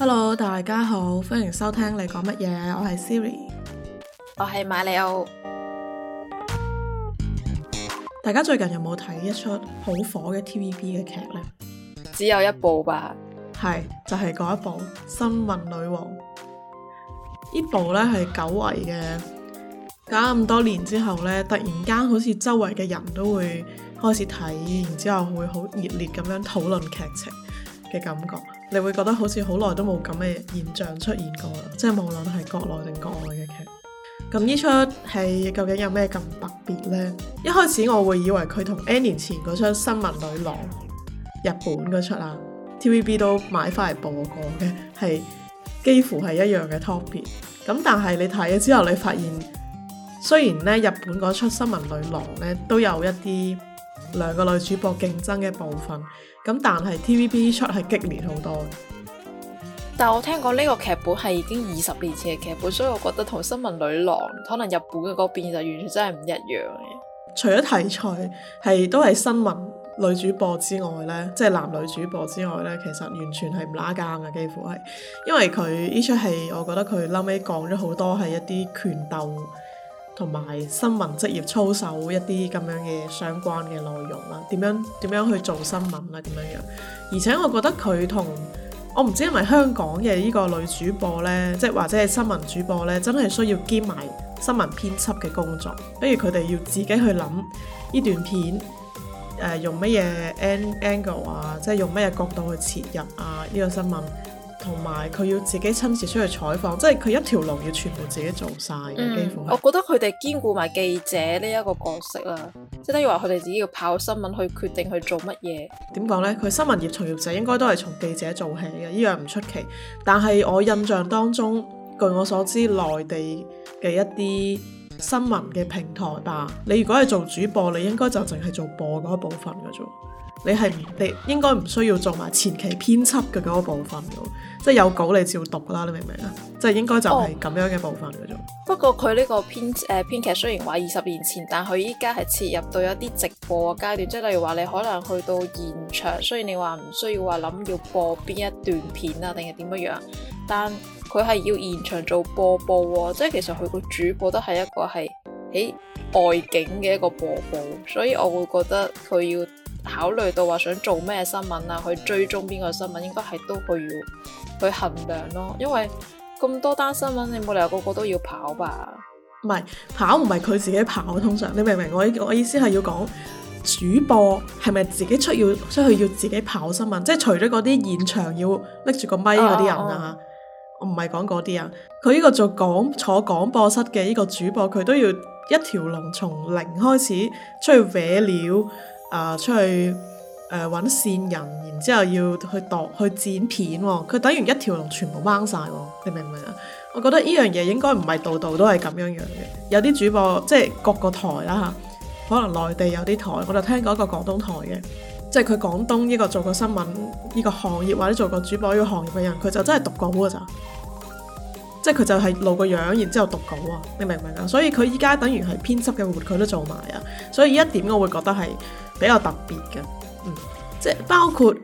Hello，大家好，歡迎收聽你講乜嘢？我係 Siri，我係瑪利奧。大家最近有冇睇一出好火嘅 TVB 嘅劇呢？只有一部吧，係就係、是、嗰一部《新聞女王》。這部呢部咧係久違嘅，搞咁多年之後呢，突然間好似周圍嘅人都會開始睇，然之後會好熱烈咁樣討論劇情嘅感覺。你會覺得好似好耐都冇咁嘅現象出現過啦，即係無論係國內定國外嘅劇。咁呢出戲究竟有咩咁特別呢？一開始我會以為佢同 N 年前嗰出《新聞女郎》日本嗰出啊，TVB 都買翻嚟播過嘅，係幾乎係一樣嘅 topic。咁但係你睇咗之後，你發現雖然呢日本嗰出《新聞女郎》呢都有一啲兩個女主播競爭嘅部分。咁但係 TVB 齣係激烈好多，但我聽講呢個劇本係已經二十年前嘅劇本，所以我覺得同新聞女郎可能日本嘅嗰邊就完全真係唔一樣嘅。除咗題材係都係新聞女主播之外咧，即係男女主播之外咧，其實完全係唔拉更嘅，幾乎係，因為佢呢出戲，我覺得佢後尾講咗好多係一啲拳鬥。同埋新聞職業操守一啲咁樣嘅相關嘅內容啦，點樣點樣去做新聞啦，點樣樣。而且我覺得佢同我唔知，因為香港嘅呢個女主播呢，即係或者係新聞主播呢，真係需要兼埋新聞編輯嘅工作。比如佢哋要自己去諗呢段片，誒、呃、用乜嘢 angle 啊，即係用乜嘢角度去切入啊呢個新聞。同埋佢要自己親自出去採訪，即係佢一條龍要全部自己做曬，嗯、幾乎係。我覺得佢哋兼顧埋記者呢一個角色啦，即係例如話佢哋自己要跑新聞去決定去做乜嘢。點講呢？佢新聞業從業者應該都係從記者做起嘅，依樣唔出奇。但係我印象當中，據我所知，內地嘅一啲新聞嘅平台吧，你如果係做主播，你應該就淨係做播嗰一部分嘅啫。你係唔你應該唔需要做埋前期編輯嘅嗰部分嘅，即係有稿你照讀啦，你明唔明啊？即係應該就係咁樣嘅部分嘅。不過佢呢個編誒、呃、編劇雖然話二十年前，但佢依家係切入到一啲直播嘅階段，即係例如話你可能去到現場，雖然你話唔需要話諗要播邊一段片啊，定係點乜樣，但佢係要現場做播報喎、啊。即係其實佢個主播都係一個係喺外景嘅一個播報，所以我會覺得佢要，考慮到話想做咩新聞啊，去追蹤邊個新聞，應該係都會去要去衡量咯。因為咁多單新聞，你冇理由個個都要跑吧？唔係跑，唔係佢自己跑，通常你明唔明？我我意思係要講主播係咪自己出要出去要自己跑新聞？即係除咗嗰啲現場要拎住個咪嗰啲人啊，我唔係講嗰啲啊。佢呢個做廣坐廣播室嘅呢個主播，佢都要一條龍從零開始出去搲料。啊、呃！出去誒揾線人，然之後要去度去剪片佢、哦、等完一條龍全部掹晒喎，你明唔明啊？我覺得呢樣嘢應該唔係度度都係咁樣樣嘅，有啲主播即係各個台啦嚇，可能內地有啲台，我就聽過一個廣東台嘅，即係佢廣東呢個做過新聞呢、這個行業或者做過主播呢個行業嘅人，佢就真係讀稿㗎咋。即係佢就係露個樣，然之後讀稿啊，你明唔明啊？所以佢而家等於係編輯嘅活佢都做埋啊，所以呢一點我會覺得係比較特別嘅，嗯，即係包括。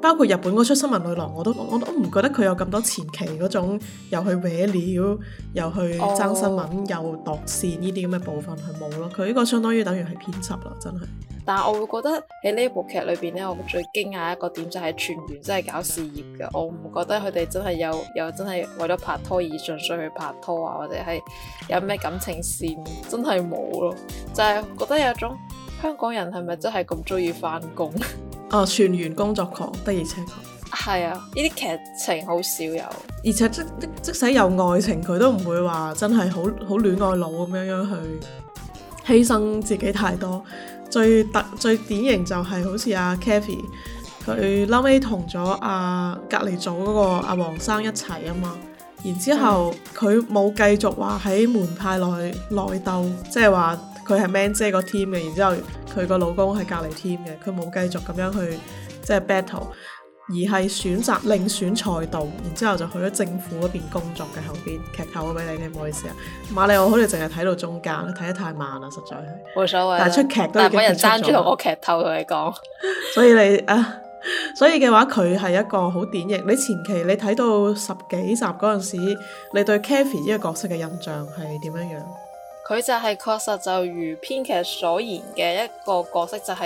包括日本嗰出新聞女郎，我都我我唔覺得佢有咁多前期嗰種又去搲料，又去爭新聞，oh. 又度線呢啲咁嘅部分係冇咯。佢呢個相當於等於係編輯啦，真係。但係我會覺得喺呢一部劇裏邊咧，我最驚訝一個點就係全員真係搞事業㗎，我唔覺得佢哋真係有有真係為咗拍拖而純粹去拍拖啊，或者係有咩感情線真係冇咯。就係、是、覺得有一種香港人係咪真係咁中意返工？ 哦、啊，全員工作狂，的而且確。係啊，呢啲劇情好少有。而且即即使有愛情，佢都唔會話真係好好戀愛腦咁樣樣去犧牲自己太多。最特最典型就係、是、好似阿 Kathy，佢嬲尾同咗阿隔離組嗰個阿、啊、黃生一齊啊嘛。然之後佢冇、嗯、繼續話喺門派內內鬥，即係話。佢係 Man 姐個 team 嘅，然之後佢個老公係隔離 team 嘅，佢冇繼續咁樣去即係 battle，而係選擇另選賽道，然之後就去咗政府嗰邊工作嘅後邊劇透俾你，唔好意思啊，瑪利奧好似淨係睇到中間，睇得太慢啦，實在係冇所謂，但係出劇都幾係有人爭住同我劇透同你講， 所以你啊，所以嘅話佢係一個好典型。你前期你睇到十幾集嗰陣時，你對 Cathy 呢個角色嘅印象係點樣樣？佢就係確實就如編劇所言嘅一個角色，就是，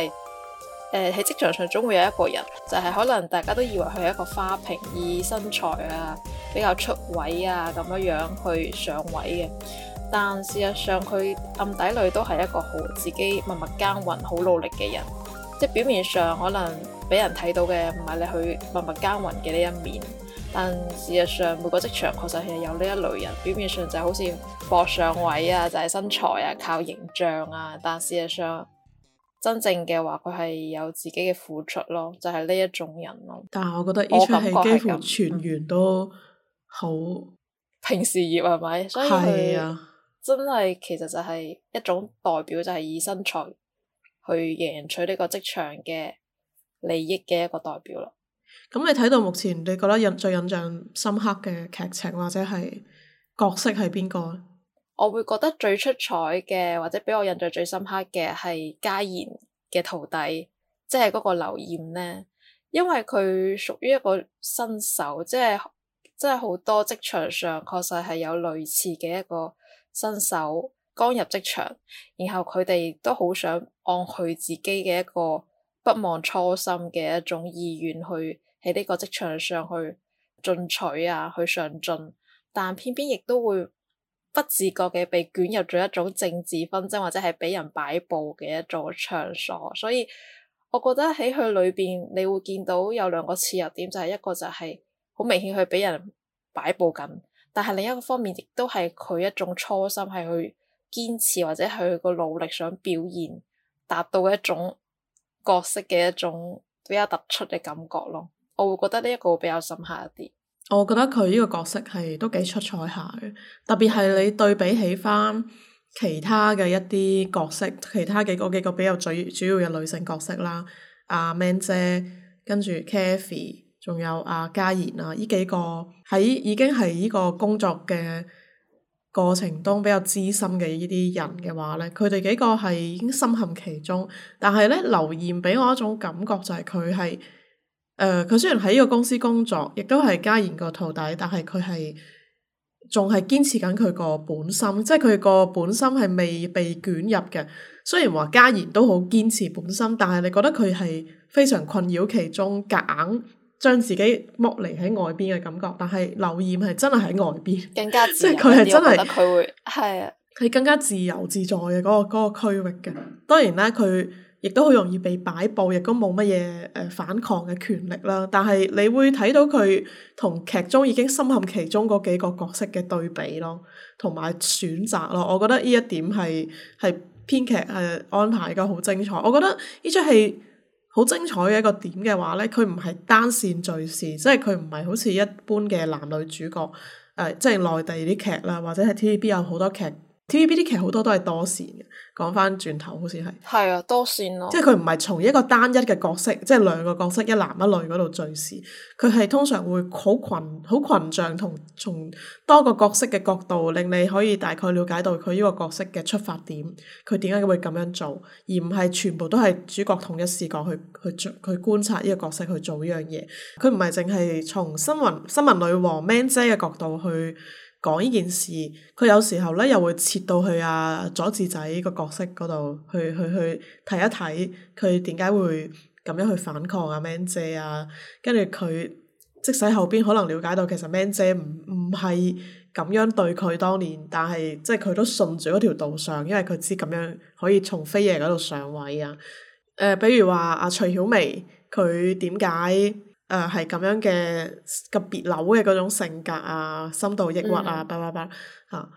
就係喺職場上總會有一個人，就係、是、可能大家都以為佢係一個花瓶，以身材啊比較出位啊咁樣樣去上位嘅，但事實上佢暗底裏都係一個好自己默默耕耘、好努力嘅人，即係表面上可能俾人睇到嘅唔係你去默默耕耘嘅呢一面。但事實上，每個職場確實係有呢一類人，表面上就好似搏上位啊，就係、是、身材啊，靠形象啊。但事實上，真正嘅話，佢係有自己嘅付出咯，就係、是、呢一種人咯。但係我覺得呢出戲幾乎全員都好拼事業係咪？所以佢真係其實就係一種代表，就係以身材去贏取呢個職場嘅利益嘅一個代表啦。咁、嗯、你睇到目前，你覺得印最印象深刻嘅劇情或者係角色係邊個？我會覺得最出彩嘅，或者俾我印象最深刻嘅係嘉賢嘅徒弟，即係嗰個劉艷呢。因為佢屬於一個新手，即係即係好多職場上確實係有類似嘅一個新手，剛入職場，然後佢哋都好想按佢自己嘅一個不忘初心嘅一種意願去喺呢個職場上去進取啊，去上進，但偏偏亦都會不自覺嘅被捲入咗一種政治紛爭，或者係俾人擺佈嘅一座場所。所以我覺得喺佢裏邊你會見到有兩個切入點，就係一個就係好明顯佢俾人擺佈緊，但係另一個方面亦都係佢一種初心係去堅持或者去個努力想表現達到一種角色嘅一種比較突出嘅感覺咯。我會覺得呢一個會比較深刻一啲。我覺得佢呢個角色係都幾出彩下嘅，特別係你對比起翻其他嘅一啲角色，其他嘅嗰幾個比較最主要嘅女性角色啦，阿、啊、Man 姐，跟住 Cathy，仲有阿嘉妍啊，呢、啊、幾個喺已經係呢個工作嘅過程當比較資深嘅呢啲人嘅話咧，佢哋幾個係已經深陷其中，但係咧，劉艷俾我一種感覺就係佢係。誒佢、呃、雖然喺呢個公司工作，亦都係嘉賢個徒弟，但係佢係仲係堅持緊佢個本心，即係佢個本心係未被捲入嘅。雖然話嘉賢都好堅持本心，但係你覺得佢係非常困擾其中，夾硬將自己剝離喺外邊嘅感覺。但係劉豔係真係喺外邊，更加即係佢係真係佢會係佢更加自由自在嘅嗰個嗰個區域嘅。當然啦，佢。亦都好容易被擺佈，亦都冇乜嘢誒反抗嘅權力啦。但係你會睇到佢同劇中已經深陷其中嗰幾個角色嘅對比咯，同埋選擇咯。我覺得呢一點係係編劇係安排得好精彩。我覺得呢出戲好精彩嘅一個點嘅話咧，佢唔係單線敘事，即係佢唔係好似一般嘅男女主角誒、呃，即係內地啲劇啦，或者係 TVB 有好多劇。TVB 啲劇好多都係多線嘅，講翻轉頭好似係係啊，多線咯，即係佢唔係從一個單一嘅角色，即係兩個角色一男一女嗰度敘事。佢係通常會好群、好群像同從多個角色嘅角度令你可以大概了解到佢呢個角色嘅出發點，佢點解會咁樣做，而唔係全部都係主角統一視角去去去觀察呢個角色去做呢樣嘢，佢唔係淨係從新聞新聞女王 man 姐嘅角度去，講呢件事，佢有時候咧又會切到去阿、啊、佐治仔個角色嗰度去去去睇一睇佢點解會咁樣去反抗阿、啊、Man 姐啊，跟住佢即使後邊可能了解到其實 Man 姐唔唔係咁樣對佢當年，但係即係佢都順住嗰條道上，因為佢知咁樣可以從飛爺嗰度上位啊。誒、呃，比如話阿徐曉薇佢點解？誒係咁樣嘅特別扭嘅嗰種性格啊，深度抑鬱啊，巴拉巴拉啊，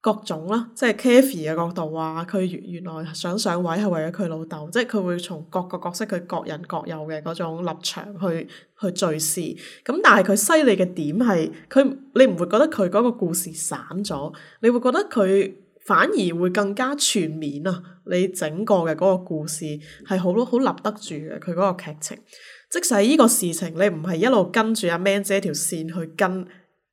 各種啦，啊，即係 Cathy 嘅角度啊，佢原原來想上位係為咗佢老豆，即係佢會從各個角色佢各人各有嘅嗰種立場去去敘事。咁但係佢犀利嘅點係，佢你唔會覺得佢嗰個故事散咗，你會覺得佢反而會更加全面啊！你整個嘅嗰個故事係好好立得住嘅，佢嗰個劇情。即使呢個事情你唔係一路跟住阿 Man 姐條線去跟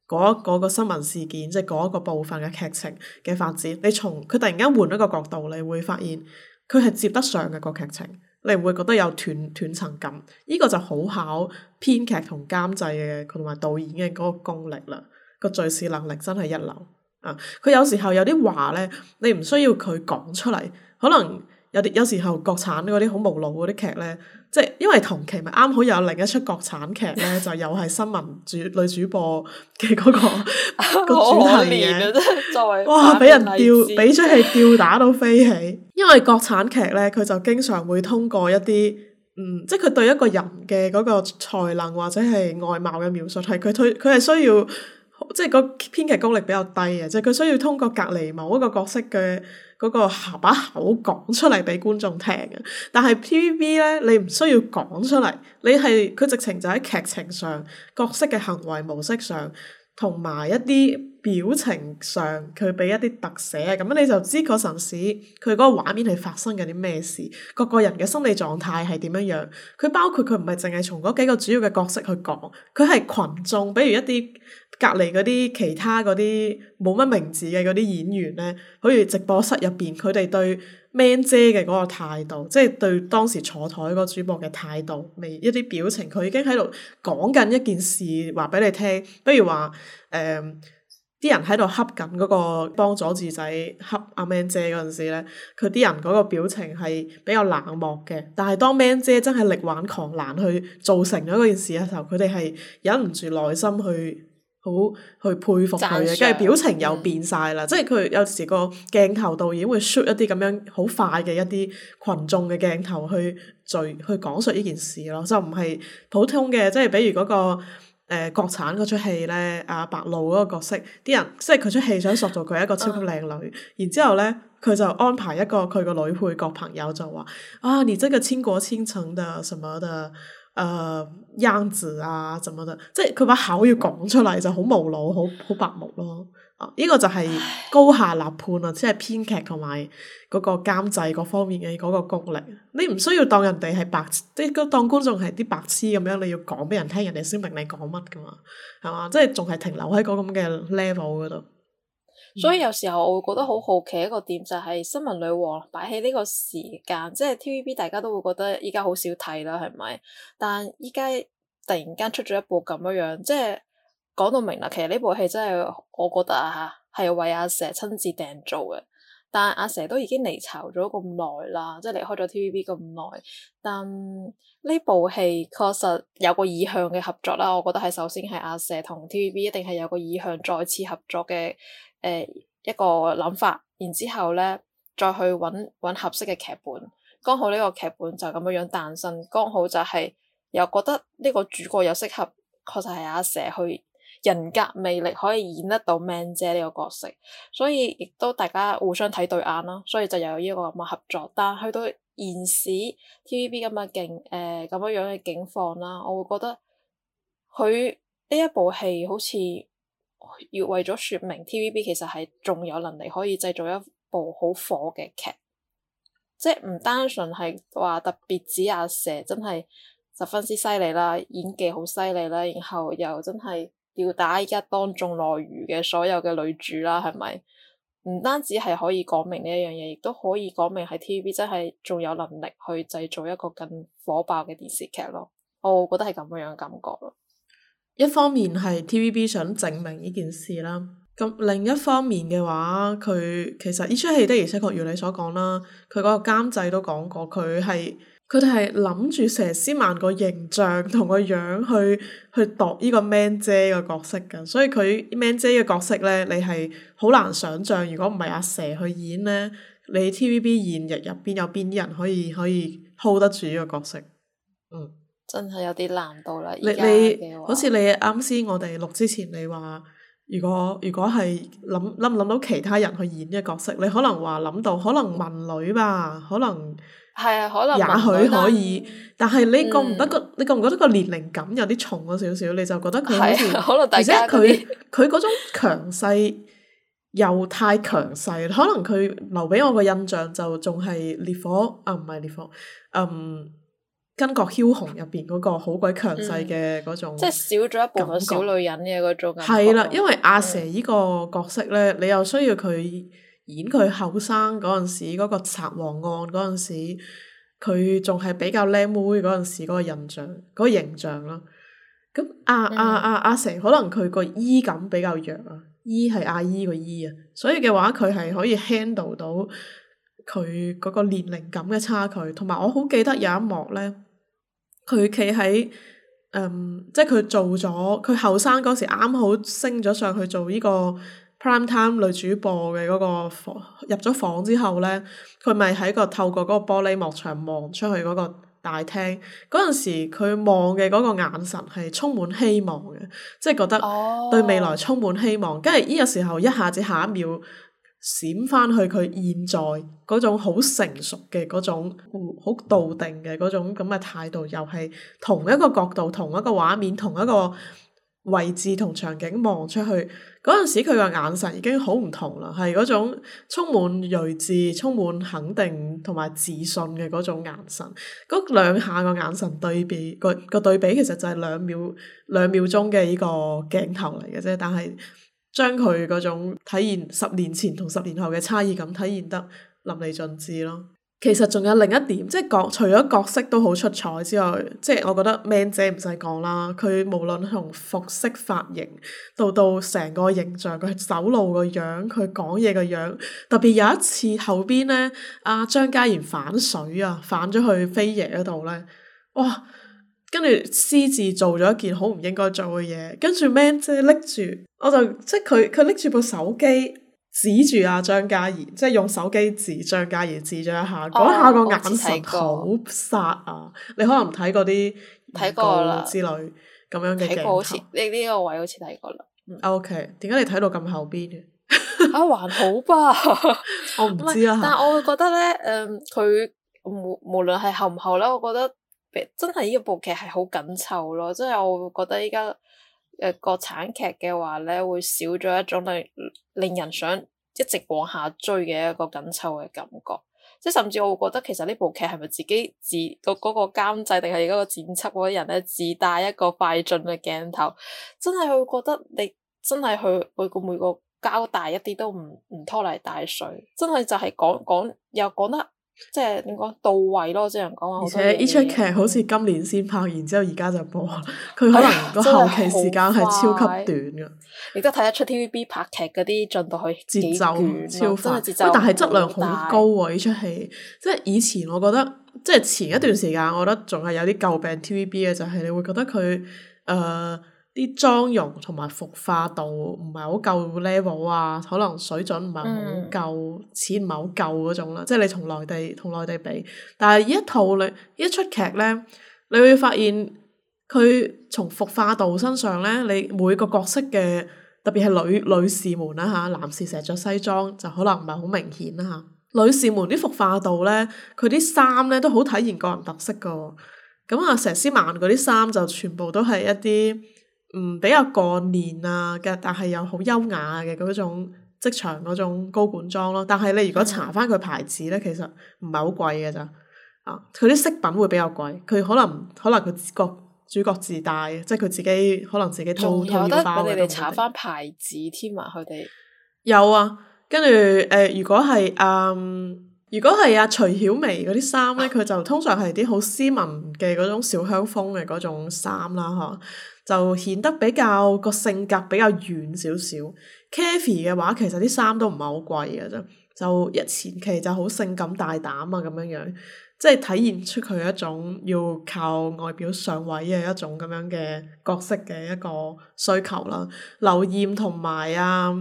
嗰個新聞事件，即係嗰個部分嘅劇情嘅發展，你從佢突然間換一個角度，你會發現佢係接得上嘅，個劇情，你唔會覺得有斷斷層感？呢個就好考編劇同監製嘅同埋導演嘅嗰個功力啦，個敘事能力真係一流啊！佢有時候有啲話呢，你唔需要佢講出嚟，可能有啲有時候國產嗰啲好無腦嗰啲劇呢。即係因為同期咪啱好又有另一出國產劇咧， 就又係新聞主女主播嘅嗰、嗰個 個主題嘅， 作為哇俾人吊俾出係吊打到飛起。因為國產劇咧，佢就經常會通過一啲嗯，即係佢對一個人嘅嗰個才能或者係外貌嘅描述，係佢推佢係需要。即係個編劇功力比較低啊！即係佢需要通過隔離某一個角色嘅嗰個口把口講出嚟俾觀眾聽嘅，但係 TVB 咧，你唔需要講出嚟，你係佢直情就喺劇情上角色嘅行為模式上。同埋一啲表情上，佢俾一啲特寫，咁樣你就知嗰陣時佢嗰個畫面係發生緊啲咩事，各個人嘅心理狀態係點樣樣。佢包括佢唔係淨係從嗰幾個主要嘅角色去講，佢係群眾，比如一啲隔籬嗰啲其他嗰啲冇乜名字嘅嗰啲演員咧，好似直播室入邊佢哋對 man 姐嘅嗰個態度，即係對當時坐台嗰個主播嘅態度，未一啲表情，佢已經喺度講緊一件事，話畀你聽。不如話，誒啲人喺度恰緊嗰個幫佐治仔恰阿 man 姐嗰陣時咧，佢啲人嗰個表情係比較冷漠嘅。但係當 man 姐真係力挽狂瀾去造成咗嗰件事嘅時候，佢哋係忍唔住內心去。好去佩服佢嘅，跟住賞表情又變晒啦，嗯、即係佢有時個鏡頭導演會 shoot 一啲咁樣好快嘅一啲群眾嘅鏡頭去聚去講述呢件事咯，就唔係普通嘅，即係比如嗰，那個誒、呃、國產嗰齣戲咧，阿、啊、白鹿嗰個角色，啲人即係佢出戲想塑造佢係一個超級靚女，啊、然之後咧佢就安排一個佢個女配角朋友就話啊，你真係傾國傾城的什麼的。誒樣字啊，什麼的，即係佢把口要講出嚟就好無腦，好好白目咯。呢、啊、依個就係高下立判啊，即係編劇同埋嗰個監製各方面嘅嗰個功力。你唔需要當人哋係白，即係當觀眾係啲白痴咁樣，你要講俾人聽，人哋先明白你講乜㗎嘛，係嘛？即係仲係停留喺嗰咁嘅 level 嗰度。所以有時候我會覺得好好奇一個點，就係、是、新聞女王擺喺呢個時間，即係 TVB，大家都會覺得依家好少睇啦，係咪？但依家突然間出咗一部咁樣樣，即係講到明啦，其實呢部戲真係我覺得啊，吓，係為阿佘親自訂做嘅。但阿佘都已經離巢咗咁耐啦，即係離開咗 TVB 咁耐。但呢部戲確實有個意向嘅合作啦，我覺得係首先係阿佘同 TVB 一定係有個意向再次合作嘅，誒、呃、一個諗法。然之後咧再去揾揾合適嘅劇本，剛好呢個劇本就咁樣樣誕生，剛好就係又覺得呢個主角又適合，確實係阿佘去。人格魅力可以演得到 man 姐呢個角色，所以亦都大家互相睇對眼啦，所以就有呢個咁嘅合作。但係去到現時 TVB 咁嘅境，誒、呃、咁樣樣嘅境況啦，我會覺得佢呢一部戲好似要為咗說明 TVB 其實係仲有能力可以製造一部好火嘅劇，即係唔單純係話特別指阿佘真係十分之犀利啦，演技好犀利啦，然後又真係。吊打而家當眾內娛嘅所有嘅女主啦，係咪？唔單止係可以講明呢一樣嘢，亦都可以講明喺 TVB 真係仲有能力去製造一個更火爆嘅電視劇咯。我，我覺得係咁樣嘅感覺咯。一方面係 TVB 想證明呢件事啦，咁另一方面嘅話，佢其實呢出戲的而且確如你所講啦，佢嗰個監製都講過，佢係。佢哋係諗住佘詩曼個形象同個樣去去度呢個 man 姐個角色嘅，所以佢 man 姐嘅角色咧，你係好難想象。如果唔係阿佘去演咧，你 TVB 現役入邊有邊啲人可以可以 hold 得住呢個角色？嗯，真係有啲難度啦。你你好似你啱先，我哋錄之前，你話如果如果係諗諗唔諗到其他人去演呢個角色，你可能話諗到可能文女吧，可能。係啊，可能也許可以，嗯、但係你覺唔得個？嗯、你覺唔覺得個年齡感有啲重咗少少？你就覺得佢好似，而且佢佢嗰種強勢又太強勢。可能佢 留俾我個印象就仲係烈火啊，唔係烈火，嗯，嗯《巾幗梟雄》入邊嗰個好鬼強勢嘅嗰種。即係少咗一部分小女人嘅嗰種。係啦、嗯啊，因為阿佘依個角色咧，你又需要佢。嗯演佢後生嗰陣時，嗰、那個賊王案嗰陣時，佢仲係比較靚妹嗰陣時嗰個印象、嗰、那個形象咯。咁阿阿阿阿成，可能佢個姨感比較弱啊，姨係阿姨個姨啊，所以嘅話佢係可以 handle 到佢嗰個年齡感嘅差距。同埋我好記得有一幕咧，佢企喺嗯，即係佢做咗佢後生嗰時，啱好升咗上去做呢、這個，Prime Time 女主播嘅嗰、嗰個入咗房之後呢，佢咪喺個透過嗰個玻璃幕牆望出去嗰個大廳。嗰陣時佢望嘅嗰個眼神係充滿希望嘅，即係覺得對未來充滿希望。跟住呢個時候，一下子下一秒閃翻去佢現在嗰種好成熟嘅嗰種好篤定嘅嗰種咁嘅態度，又係同一個角度、同一個畫面、同一個位置同場景望出去。嗰陣時佢個眼神已經好唔同啦，係嗰種充滿睿智、充滿肯定同埋自信嘅嗰種眼神。嗰兩下個眼神對比，個、嗰個對比其實就係兩秒兩秒鐘嘅呢個鏡頭嚟嘅啫，但係將佢嗰種體現十年前同十年後嘅差異感體現得淋漓盡致咯。其實仲有另一點，即係角除咗角色都好出彩之外，即係我覺得 man 姐唔使講啦，佢無論從服飾、髮型到到成個形象，佢走路個樣，佢講嘢個樣，特別有一次後邊咧，阿、啊、張嘉妍反水啊，反咗去飛爺嗰度咧，哇！跟住私自做咗一件好唔應該做嘅嘢，跟住 man 姐拎住，我就即係佢佢拎住部手機。指住阿張嘉怡，即係用手機指張嘉怡指咗一下，講、哦、下、嗯、個眼神好殺啊！嗯、你可能唔睇過啲睇過啦之類咁樣嘅鏡頭，呢呢、這個位好似睇過啦。OK，點解你睇到咁後邊嘅？啊，還好吧， 我唔知啊。是 但係我會覺得咧，誒、呃，佢無無論係後唔後咧，我覺得真係呢部劇係好緊湊咯，即、就、係、是、我會覺得依家。誒國產劇嘅話咧，會少咗一種令令人想一直往下追嘅一個緊湊嘅感覺。即係甚至我會覺得其實呢部劇係咪自己自嗰嗰、嗰個監製定係嗰個剪輯嗰啲人咧，自帶一個快進嘅鏡頭，真係會覺得你真係佢佢個每個交代一啲都唔唔拖泥帶水，真係就係講講又講得。即係點講到位咯，只能講話。而且呢出劇好似今年先拍，然之後而家就播，佢 可能個後期時間係 超級短噶。你真係睇得出 T V B 拍劇嗰啲進度去節奏超快，節奏但係質量好高啊！呢出戲，即係以前我覺得，嗯、即係前一段時間，我覺得仲係有啲舊病 T V B 嘅，就係、是、你會覺得佢誒。呃啲妝容同埋服化度唔係好夠 level 啊，可能水準唔係好夠，錢唔係好夠嗰種啦。即係你同內地同內地比，但係一套呢一出劇咧，你會發現佢從服化度身上咧，你每個角色嘅特別係女女士們啦嚇，男士成日著西裝就可能唔係好明顯啦嚇。女士們啲、嗯、服化度咧，佢啲衫咧都好體現個人特色噶。咁啊，佘詩曼嗰啲衫就全部都係一啲。嗯，比較幹練啊，但係又好優雅嘅嗰種職場嗰種高管裝咯。但係你如果查翻佢牌子咧，其實唔係好貴嘅咋。啊，佢啲飾品會比較貴，佢可能可能佢自國主角自帶嘅，即係佢自己可能自己偷偷料翻我哋查翻牌子添啊，佢哋有啊。跟住誒，如果係嗯，如果係阿徐曉薇嗰啲衫咧，佢、啊、就通常係啲好斯文嘅嗰種小香風嘅嗰種衫啦，嗬、啊。就顯得比較個性格比較軟少少。Kathy 嘅話，其實啲衫都唔係好貴嘅啫。就一前期就好性感大膽啊咁樣樣，即係體現出佢一種要靠外表上位嘅一種咁樣嘅角色嘅一個需求啦。劉艷同埋啊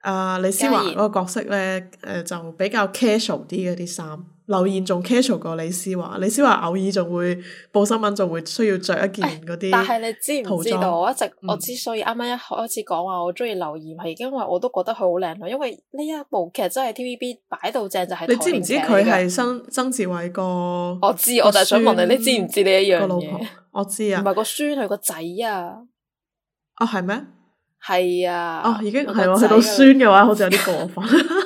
啊李思華嗰個角色咧，誒就比較 casual 啲嘅啲衫。劉言仲 casual 過李思華，李思華偶爾仲會報新聞，仲會需要着一件嗰啲、哎。但係你知唔知道？裝我一直、嗯、我之所以啱啱一開始講話我中意劉言，係因為我都覺得佢好靚女。因為呢一部劇真係 T V B 擺到正就係你知唔知佢係曾曾志偉個？偉我知，孫我就係想問你，你知唔知你一樣個老婆？我知啊，唔係個孫佢個仔啊。哦，係咩？係啊。哦，已經係去到孫嘅話，好似有啲過分。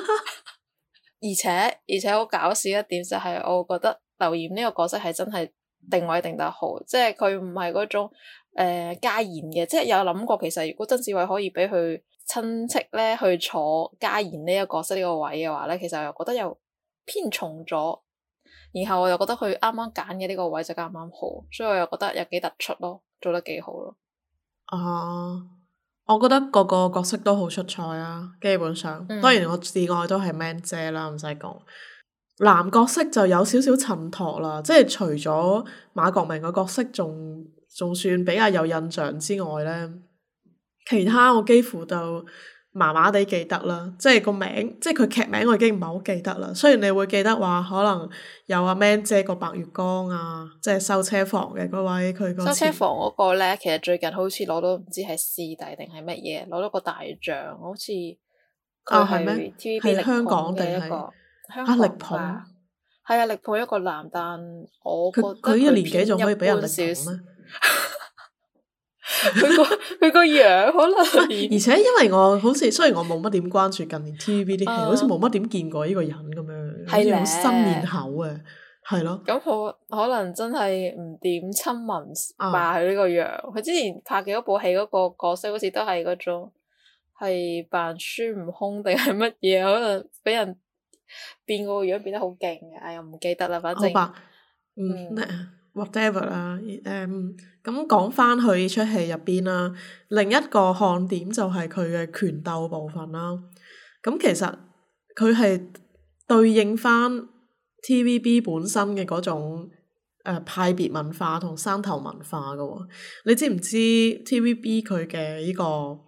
而且而且好搞笑一點就係、是，我覺得劉艷呢個角色係真係定位定得好，即係佢唔係嗰種誒家妍嘅，即係有諗過其實如果曾志偉可以俾佢親戚咧去坐家妍呢一個角色呢個位嘅話咧，其實我又覺得又偏重咗，然後我又覺得佢啱啱揀嘅呢個位就啱啱好，所以我又覺得有幾突出咯，做得幾好咯。哦、uh。Huh. 我覺得個個角色都好出彩啊，基本上，嗯、當然我至愛都係 man 姐啦，唔使講。男角色就有少少襯托啦，即係除咗馬國明個角色仲仲算比較有印象之外咧，其他我幾乎都。麻麻地記得啦，即係個名，即係佢劇名，我已經唔係好記得啦。雖然你會記得話，可能有阿 man 姐個白月光啊，即係收車房嘅嗰位佢。收車房嗰個咧，其實最近好似攞到唔知係師弟定係乜嘢，攞到個大獎，好似佢係 TVB 力捧嘅一個，啊力捧，係啊力捧一個男，但我覺得佢年紀仲可以俾人力捧咩？少少 佢個佢個樣可能，而且因為我好似 雖然我冇乜點關注近年 TVB 啲戲，好似冇乜點見過呢個人咁樣，係好新面口啊，係咯。咁可可能真係唔點親民吧？佢呢個樣，佢、oh. 之前拍嘅多部戲，嗰個角色好似都係嗰種，係扮孫悟空定係乜嘢？可能俾人變個樣變得好勁嘅。哎呀，唔記得啦，反正。whatever 啦，誒咁講翻去呢出戲入邊啦，另一個看點就係佢嘅權鬥部分啦。咁、嗯、其實佢係對應翻 TVB 本身嘅嗰種誒、呃、派別文化同山頭文化嘅喎、哦。你知唔知 TVB 佢嘅呢個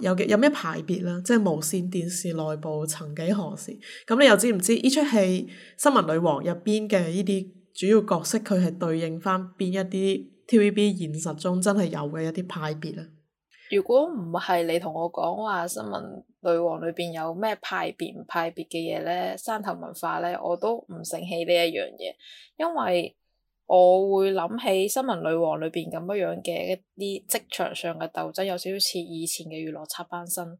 有嘅有咩派別咧？即係無線電視內部曾幾何時？咁你又知唔知呢出戲《新聞女王》入邊嘅呢啲？主要角色佢係對應翻邊一啲 TVB 現實中真係有嘅一啲派別啊？如果唔係你同我講話新聞女王裏邊有咩派別派別嘅嘢咧，山頭文化咧，我都唔醒起呢一樣嘢，因為我會諗起新聞女王裏邊咁樣樣嘅一啲職場上嘅鬥爭，有少少似以前嘅娛樂插班生，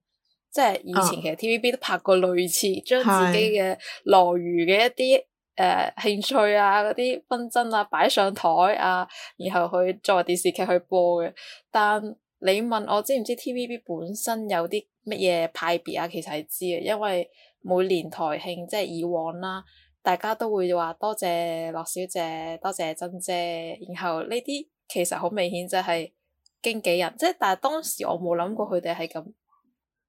即係以前其實 TVB 都拍過類似將自己嘅羅餘嘅一啲、啊。誒、uh, 興趣啊，嗰啲紛爭啊，擺上台啊，然後去作為電視劇去播嘅。但你問我知唔知 TVB 本身有啲乜嘢派別啊？其實係知嘅，因為每年台慶即係以往啦、啊，大家都會話多謝樂小姐，多謝珍姐，然後呢啲其實好明顯就係經紀人，即係但係當時我冇諗過佢哋係咁。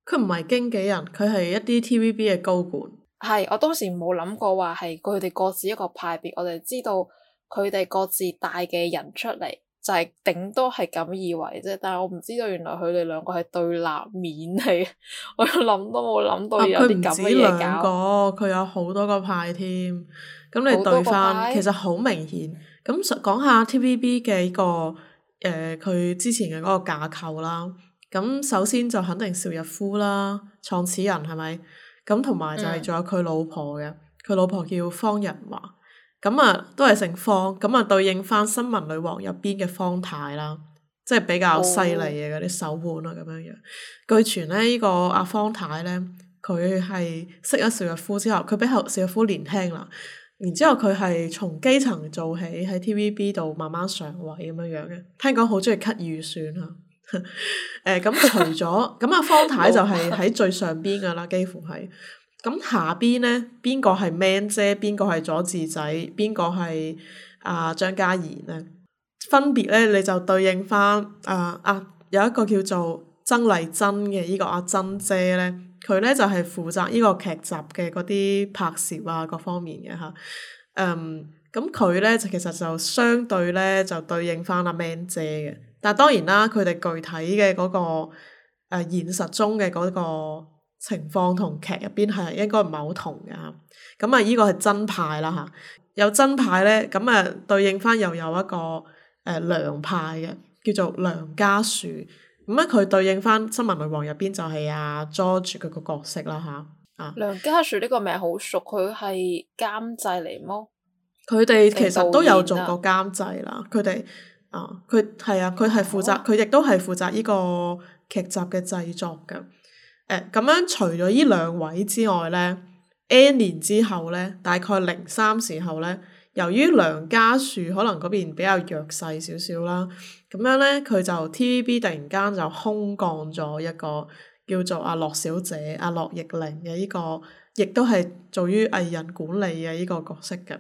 佢唔係經紀人，佢係一啲 TVB 嘅高管。係，我當時冇諗過話係佢哋各自一個派別，我哋知道佢哋各自帶嘅人出嚟，就係頂多係咁以為啫。但係我唔知道原來佢哋兩個係對立面嚟，我諗都冇諗到有啲咁嘅嘢搞。佢唔止兩個，佢有好多個派添。咁你對翻，其實好明顯。咁講下 TVB 嘅呢個誒，佢、呃、之前嘅嗰個架構啦。咁首先就肯定邵逸夫啦，創始人係咪？是咁同埋就係仲有佢老婆嘅，佢、嗯、老婆叫方仁華，咁啊都係姓方，咁啊對應翻《新聞女王》入邊嘅方太啦，即係比較犀利嘅嗰啲手腕啊。咁樣樣。據傳咧，呢個阿方太咧，佢係識咗邵逸夫之後，佢比邵逸夫年輕啦。然之後佢係從基層做起，喺 TVB 度慢慢上位咁樣樣嘅。聽講好中意 cut 預算啊！誒，咁、 嗯嗯、除咗咁阿方太就係喺最上邊噶啦， 幾乎係咁、嗯、下邊咧，邊個係 man 姐，邊個係佐治仔，邊個係阿張嘉怡咧？分別咧，你就對應翻啊啊，有一個叫做曾勵珍嘅呢、這個阿、啊、珍姐咧，佢咧就係、是、負責呢個劇集嘅嗰啲拍攝啊各方面嘅吓、啊，嗯，咁佢咧就其實就相對咧就對應翻阿、啊、man 姐嘅。但係當然啦，佢哋具體嘅嗰、嗰個誒、呃、現實中嘅嗰個情況同劇入邊係應該唔係好同嘅吓。咁啊，呢個係真派啦吓、啊，有真派咧，咁啊對應翻又有一個誒、呃、梁派嘅，叫做梁家樹。咁啊，佢對應翻《新聞女王》入邊就係阿 George 佢個角色啦吓。啊，梁家樹呢個名好熟，佢係監製嚟麼？佢哋其實都有做過監製啦，佢哋。佢係啊，佢係負責，佢亦都係負責呢個劇集嘅製作嘅。欸，咁樣除咗呢兩位之外咧，N 年之後咧，大概零三時候咧，由於梁家樹可能嗰邊比較弱勢少少啦，咁樣咧佢就 TVB 突然間就空降咗一個叫做阿樂小姐，阿樂易玲嘅呢個，亦都係做於藝人管理嘅呢個角色嘅，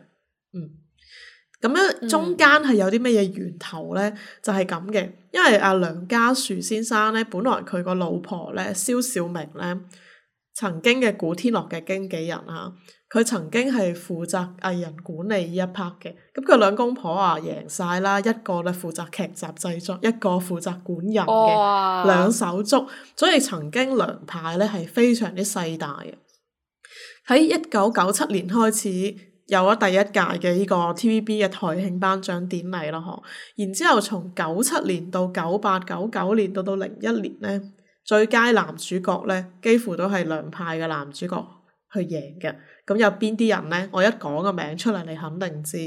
嗯。咁樣、嗯、中間係有啲咩嘢源頭呢？就係咁嘅，因為阿梁家樹先生呢，本來佢個老婆呢，蕭小明呢，曾經嘅古天樂嘅經紀人啊，佢曾經係負責藝人管理呢一 part 嘅。咁佢兩公婆啊，贏晒啦，一個呢負責劇集製作，一個負責管人嘅，哦、兩手足，所以曾經梁派呢係非常之勢大嘅。喺一九九七年開始。有咗第一屆嘅呢個 TVB 嘅台慶頒獎典禮咯，嗬。然之後從九七年到九八、九九年到到零一年呢，最佳男主角呢幾乎都係良派嘅男主角去贏嘅。咁有邊啲人呢？我一講個名出嚟，你肯定知。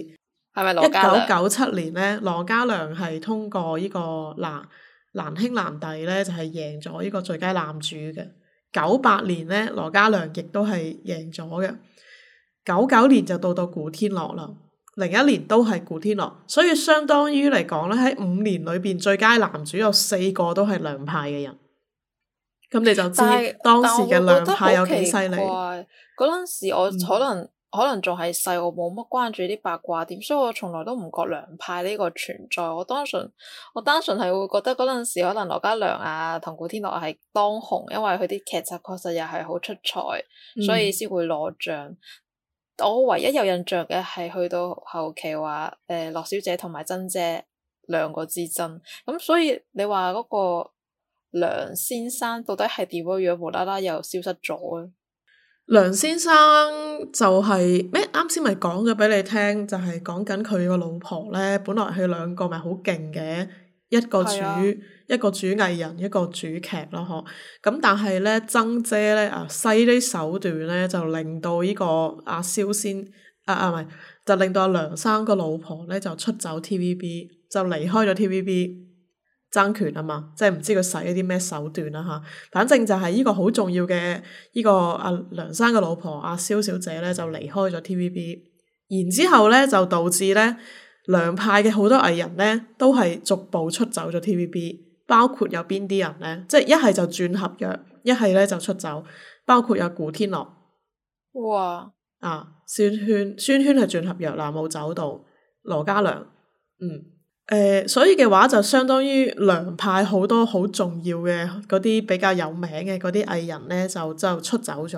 係咪羅家良？一九九七年呢，羅家良係通過呢個《難兄難弟》呢，就係、是、贏咗呢個最佳男主嘅。九八年呢，羅家良亦都係贏咗嘅。九九年就到到古天樂啦，零一年都係古天樂，所以相當於嚟講咧，喺五年裏邊最佳男主有四個都係梁派嘅人，咁你就知但當時嘅梁派有幾犀利。嗰陣時我可能、嗯、可能仲係細，我冇乜關注啲八卦點，所以我從來都唔覺梁派呢個存在。我單純我單純係會覺得嗰陣時可能羅嘉良啊同古天樂係當紅，因為佢啲劇集確實又係好出彩，所以先會攞獎。嗯我唯一有印象嘅係去到後期話，誒、呃、樂小姐同埋珍姐兩個之爭，咁所以你話嗰個梁先生到底係點樣樣無啦啦又消失咗啊？梁先生就係、是、咩？啱先咪講咗俾你聽，就係講緊佢個老婆咧，本來佢兩個咪好勁嘅，一個主、啊。一個主藝人一個主劇咯，嗬。咁但係咧，曾姐咧啊，使啲手段咧，就令到呢個阿、啊、蕭先，啊啊唔係，就令到阿梁生個老婆咧就出走 T V B，就離開咗 T V B 爭權啊嘛，即係唔知佢使咗啲咩手段啦嚇、啊。反正就係呢個好重要嘅呢、這個阿、啊、梁生個老婆阿、啊、蕭小姐咧就離開咗 T V B，然之後咧就導致咧梁派嘅好多藝人咧都係逐步出走咗 T V B。包括有邊啲人咧？即係一係就轉合約，一係咧就出走。包括有古天樂，哇！啊，宣萱，宣萱係轉合約啦，冇走到。羅嘉良，嗯，誒、呃，所以嘅話就相當於梁派好多好重要嘅嗰啲比較有名嘅嗰啲藝人咧，就就出走咗，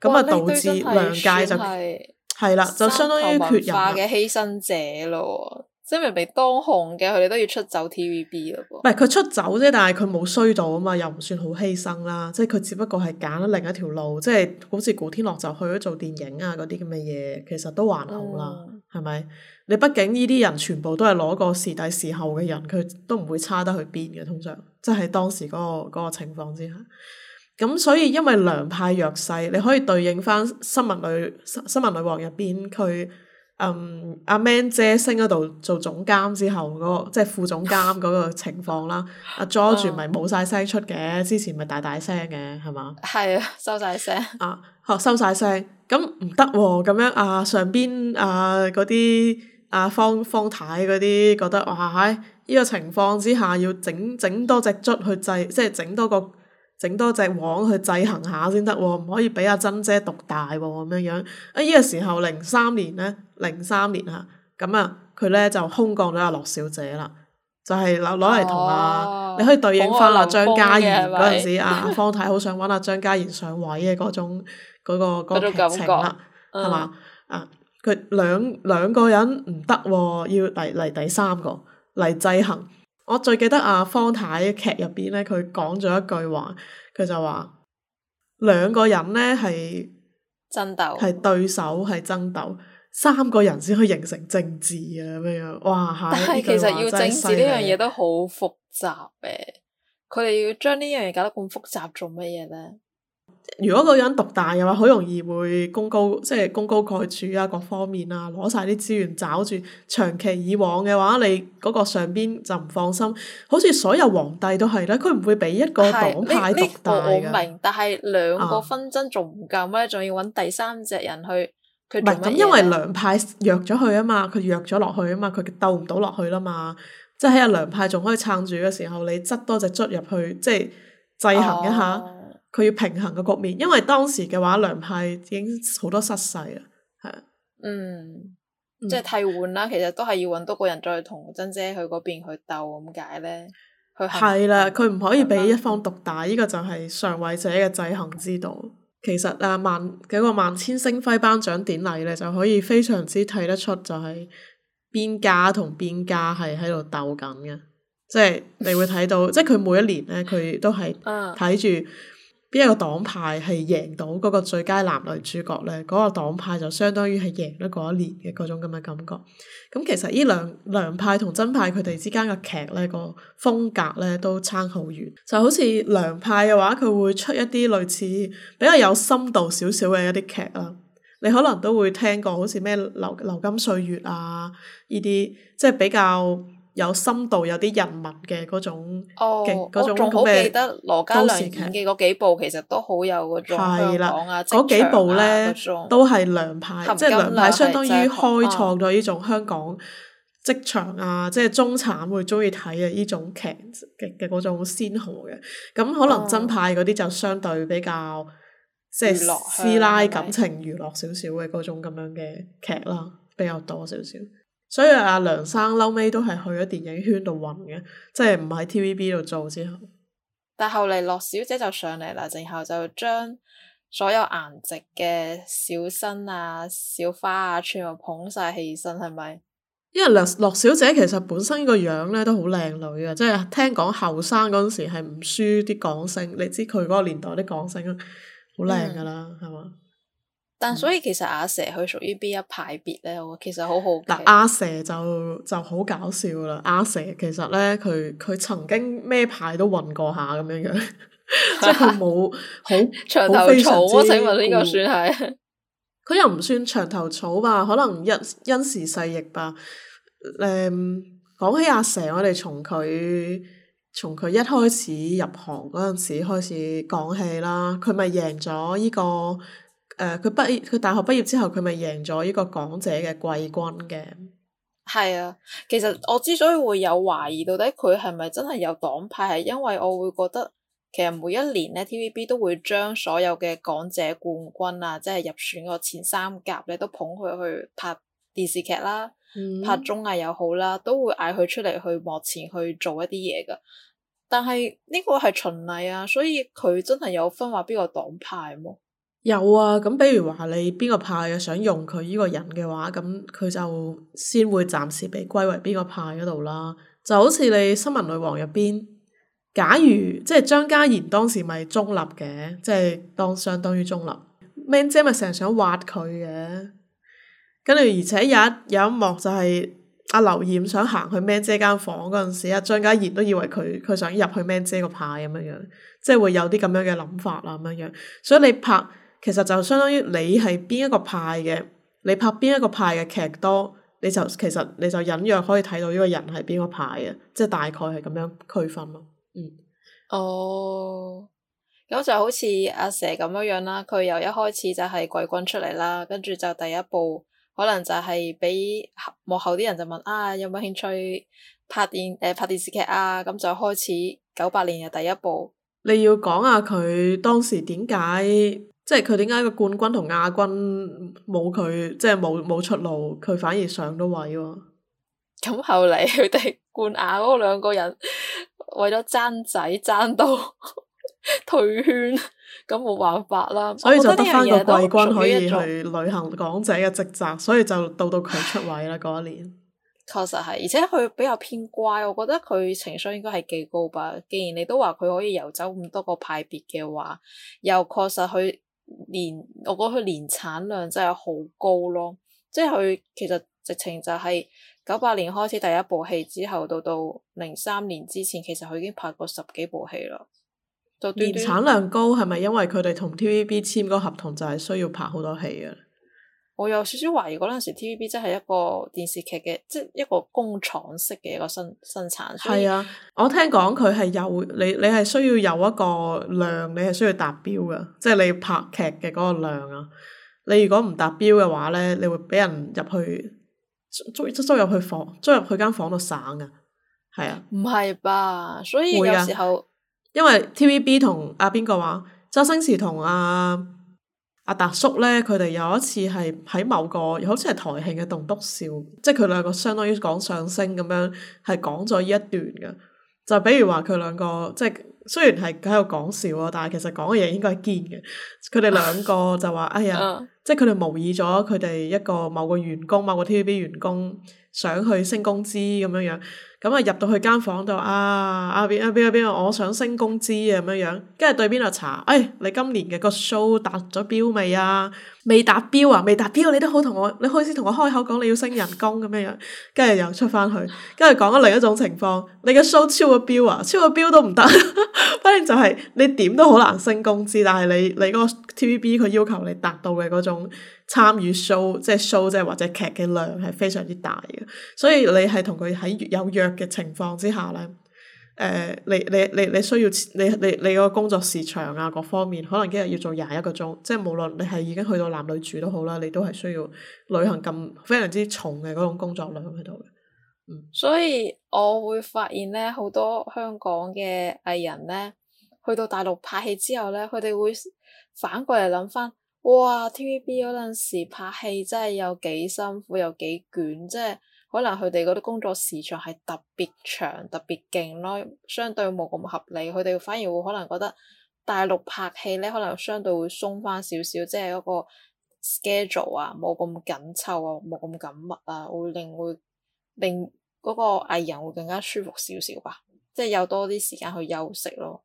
咁啊哇導致梁界就係是啦，就相當於缺人嘅犧，犧牲者咯。即係明明當紅嘅佢哋都要出走 TVB 咯，唔係佢出走啫，但係佢冇衰到啊嘛，又唔算好犧牲啦。即係佢只不過係揀另一條路，即係好似古天樂就去咗做電影啊嗰啲咁嘅嘢，其實都還好啦，係咪、嗯？你畢竟呢啲人全部都係攞個時第時候嘅人，佢都唔會差得去邊嘅，通常即係當時嗰、那個嗰、那個情況之下。咁所以因為良派弱勢，你可以對應翻新聞女新聞女王入邊佢。嗯，阿、um, Man 姐升嗰度做總監之後嗰個即係副總監嗰個情況啦，阿 George 咪冇晒聲出嘅，之前咪大大聲嘅係嘛？係啊，收晒聲啊，好收晒聲，咁唔得喎，咁樣啊上邊啊嗰啲啊方方太嗰啲覺得哇唉，呢、哎這個情況之下要整整多隻卒去制，即係整多個。整多隻網去制衡下先得喎，唔可以俾阿珍姐獨大喎，咁樣樣。啊，依、這個時候零三年，年呢，零三年啊，咁啊，佢咧就空降咗阿樂小姐啦，就係攞攞嚟同阿，哦、你可以對應翻阿張嘉怡嗰陣時，阿吧方太好想揾阿張嘉怡上位嘅嗰種嗰、那個嗰種、那個、 劇情感覺，係嘛吧？嗯、啊，佢兩兩個人唔得喎，要嚟嚟第三個嚟制衡。我最記得阿、啊、方太劇入邊咧，佢講咗一句話，佢就話兩個人咧係爭鬥，係對手係爭鬥，三個人先可以形成政治啊咁樣。哇，係是！但係其實要政治呢樣嘢都好複雜嘅，佢哋要將呢樣嘢搞得咁複雜做乜嘢咧？如果個人獨大嘅話，好容易會功高，即係功高蓋主啊，各方面啊，攞晒啲資源，找住長期以往嘅話，你嗰個上邊就唔放心。好似所有皇帝都係咧，佢唔會俾一個黨派獨大噶。那個那個、明，但係兩個紛爭仲唔夠咩？仲、嗯、要揾第三隻人去。唔係咁，因為梁派弱咗去啊嘛，佢弱咗落去啊嘛，佢鬥唔到落去啦嘛。即係喺梁派仲可以撐住嘅時候，你執多隻卒入去，即係制衡一下。哦佢要平衡個局面，因為當時嘅話，梁派已經好多失勢啦，係啊，嗯，即係替換啦。其實都係要揾多個人再同珍姐去嗰邊去鬥，咁解咧。係啦，佢唔可以俾一方獨大，呢個就係上位者嘅制衡之道。其實啊，萬嗰個萬千星輝頒獎典禮咧，就可以非常之睇得出，就係邊家同邊家係喺度鬥緊嘅，即係你會睇到，即係佢每一年咧，佢都係睇住。邊一個黨派係贏到嗰個最佳男女主角呢？嗰個黨派就相當於係贏咗嗰一年嘅嗰種咁嘅感覺。咁其實呢兩梁，梁派同真派佢哋之間嘅劇呢個風格呢都差好遠。就好似梁派嘅話，佢會出一啲類似比較有深度少少嘅一啲劇啦。你可能都會聽過好似咩《流流金歲月》啊呢啲，即係比較。有深度、有啲人物嘅嗰種嘅嗰種咁嘅都市劇嘅嗰幾部，其實都好有嗰種香港嗰幾部咧，都係良派，即係良派，相當於開創咗呢種香港職場啊，即係中產會中意睇嘅呢種劇嘅嘅嗰種鮮荷嘅。咁可能真派嗰啲就相對比較即係師奶感情娛樂少少嘅嗰種咁樣嘅劇啦，比較多少少。所以阿梁生嬲尾都係去咗電影圈度混嘅，即係唔喺 TVB 度做之後。但係後嚟駱小姐就上嚟啦，然後就將所有顏值嘅小生啊、小花啊，全部捧晒起身，係咪？因為梁駱小姐其實本身個樣咧都好靚女嘅，即係聽講後生嗰陣時係唔輸啲港星，你知佢嗰個年代啲港星好靚噶啦，係嘛、嗯？但所以其實阿蛇佢屬於邊一派別咧？我覺得其實好好奇。但阿蛇就就好搞笑啦！阿蛇其實咧，佢佢曾經咩派都混過下咁樣樣，即係冇好長頭草啊！請問呢個算係？佢 又唔算長頭草吧？可能因因時勢易吧。誒、嗯，講起阿蛇，我哋從佢從佢一開始入行嗰陣時開始講起啦。佢咪贏咗呢個？誒，佢、uh, 畢業，佢大學畢業之後，佢咪贏咗呢個港姐嘅季軍嘅。係啊，其實我之所以會有懷疑，到底佢係咪真係有黨派，係因為我會覺得，其實每一年咧，TVB 都會將所有嘅港姐冠軍啊，即係入選個前三甲咧，都捧佢去拍電視劇啦、啊，嗯、拍綜藝又好啦，都會嗌佢出嚟去幕前去做一啲嘢噶。但係呢個係循例啊，所以佢真係有分話邊個黨派麼、啊？有啊，咁比如話你邊個派啊想用佢呢個人嘅話，咁佢就先會暫時被歸為邊個派嗰度啦。就好似你新聞女王入邊，假如即係張家妍當時咪中立嘅，即係當相當於中立。man 姐咪成日想挖佢嘅，跟住而且有一有一幕就係阿劉艷想行去 man 姐間房嗰陣時，阿張家妍都以為佢佢想入去 man 姐個派咁樣樣，即係會有啲咁樣嘅諗法啊咁樣樣，所以你拍。其實就相當於你係邊一個派嘅，你拍邊一個派嘅劇多，你就其實你就隱約可以睇到呢個人係邊個派嘅，即係大概係咁樣區分咯。嗯，哦，咁就好似阿佘咁樣樣啦，佢由一開始就係季軍出嚟啦，跟住就第一部可能就係俾幕後啲人就問啊，有冇興趣拍電誒、呃、拍電視劇啊？咁就開始九八年嘅第一部。你要講下佢當時點解？即係佢點解個冠軍同亞軍冇佢，即係冇冇出路，佢反而上到位喎，啊。咁後嚟佢哋冠亞嗰兩個人為咗爭仔爭到退 圈，咁冇辦法啦。所以就得翻個季軍可以去履行港姐嘅職責，所以就到到佢出位啦嗰一年。確實係，而且佢比較偏乖，我覺得佢情商應該係幾高吧。既然你都話佢可以遊走咁多個派別嘅話，又確實佢。年我覺得佢年產量真係好高咯，即係佢其實直情就係九八年開始第一部戲之後到到零三年之前，其實佢已經拍過十幾部戲啦。年產量高係咪因為佢哋同 TVB 簽嗰個合同就係需要拍好多戲啊？我有少少懷疑嗰陣時，TVB 真係一個電視劇嘅，即係一個工廠式嘅一個生生產。係啊，我聽講佢係有你，你係需要有一個量，你係需要達標噶，即係你拍劇嘅嗰個量啊。你如果唔達標嘅話咧，你會俾人入去租租入去房，租入去間房度省啊。係啊，唔係吧？所以，的所以有時候因為 TVB 同阿邊個話，周星馳同阿。阿達叔呢，佢哋有一次係喺某個，好似係台慶嘅棟篤笑，即係佢兩個相當於講相聲咁樣，係講咗呢一段㗎。就比如話佢兩個，即係雖然係喺度講笑啊，但係其實講嘅嘢應該係堅嘅。佢哋兩個就話： 哎呀，即係佢哋模擬咗佢哋一個某個員工， 某個 TVB 員工想去升工資咁樣樣。咁啊，入到去間房度啊，啊邊啊邊啊邊啊，我想升工資啊，咁樣樣，跟住對邊度查？誒、哎，你今年嘅個 show 達咗標未啊？未達標啊？未達標，你都好同我，你開始同我開口講你要升人工咁樣樣，跟住又出翻去，跟住講咗另一種情況，你嘅 show 超個標啊，超個標都唔得，反 正就係你點都好難升工資，但係你你嗰個 TVB 佢要求你達到嘅嗰種。參與 show，即係 show，即係或者劇嘅量係非常之大嘅，所以你係同佢喺有約嘅情況之下咧，誒、呃，你你你你需要你你你個工作時長啊各方面，可能今日要做廿一個鐘，即係無論你係已經去到男女主都好啦，你都係需要履行咁非常之重嘅嗰種工作量喺度嘅。嗯，所以我會發現咧，好多香港嘅藝人咧，去到大陸拍戲之後咧，佢哋會反過嚟諗翻。哇！TVB 嗰陣時拍戲真係有幾辛苦，又幾卷，即係可能佢哋嗰啲工作時長係特別長、特別勁咯，相對冇咁合理。佢哋反而會可能覺得大陸拍戲咧，可能相對會鬆翻少少，即係一個 schedule 啊，冇咁緊湊啊，冇咁緊密啊，會令會令嗰個藝人會更加舒服少少吧，即係有多啲時間去休息咯。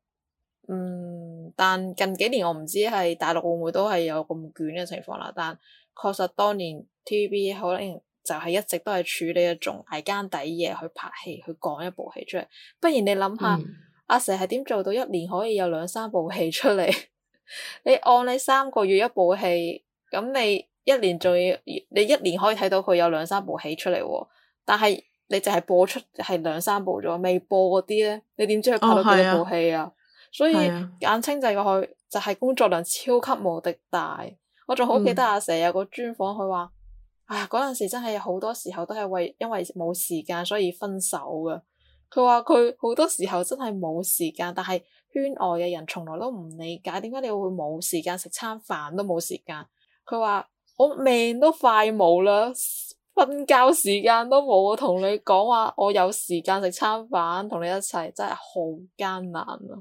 嗯，但近幾年我唔知係大陸會唔會都係有咁捲嘅情況啦。但確實當年 TVB 可能就係一直都係處理一種捱奸底嘢去拍戲去講一部戲出嚟。不然你諗下，嗯、阿佘係點做到一年可以有兩三部戲出嚟？ 你按你三個月一部戲，咁你一年仲要你一年可以睇到佢有兩三部戲出嚟喎、哦。但係你淨係播出係兩三部咗，未播嗰啲咧，你點知佢拍到幾多部戲、哦、啊？所以眼清劑去，就係工作量超級無敵大。我仲好記得阿佘、嗯啊、有個專訪，佢話：，啊嗰陣時真係好多時候都係為因為冇時間所以分手噶。佢話佢好多時候真係冇時間，但係圈外嘅人從來都唔理解，點解你會冇時間食餐飯都冇時間？佢話我命都快冇啦，瞓覺時間都冇，同你講話我有時間食餐飯同你一齊，真係好艱難啊！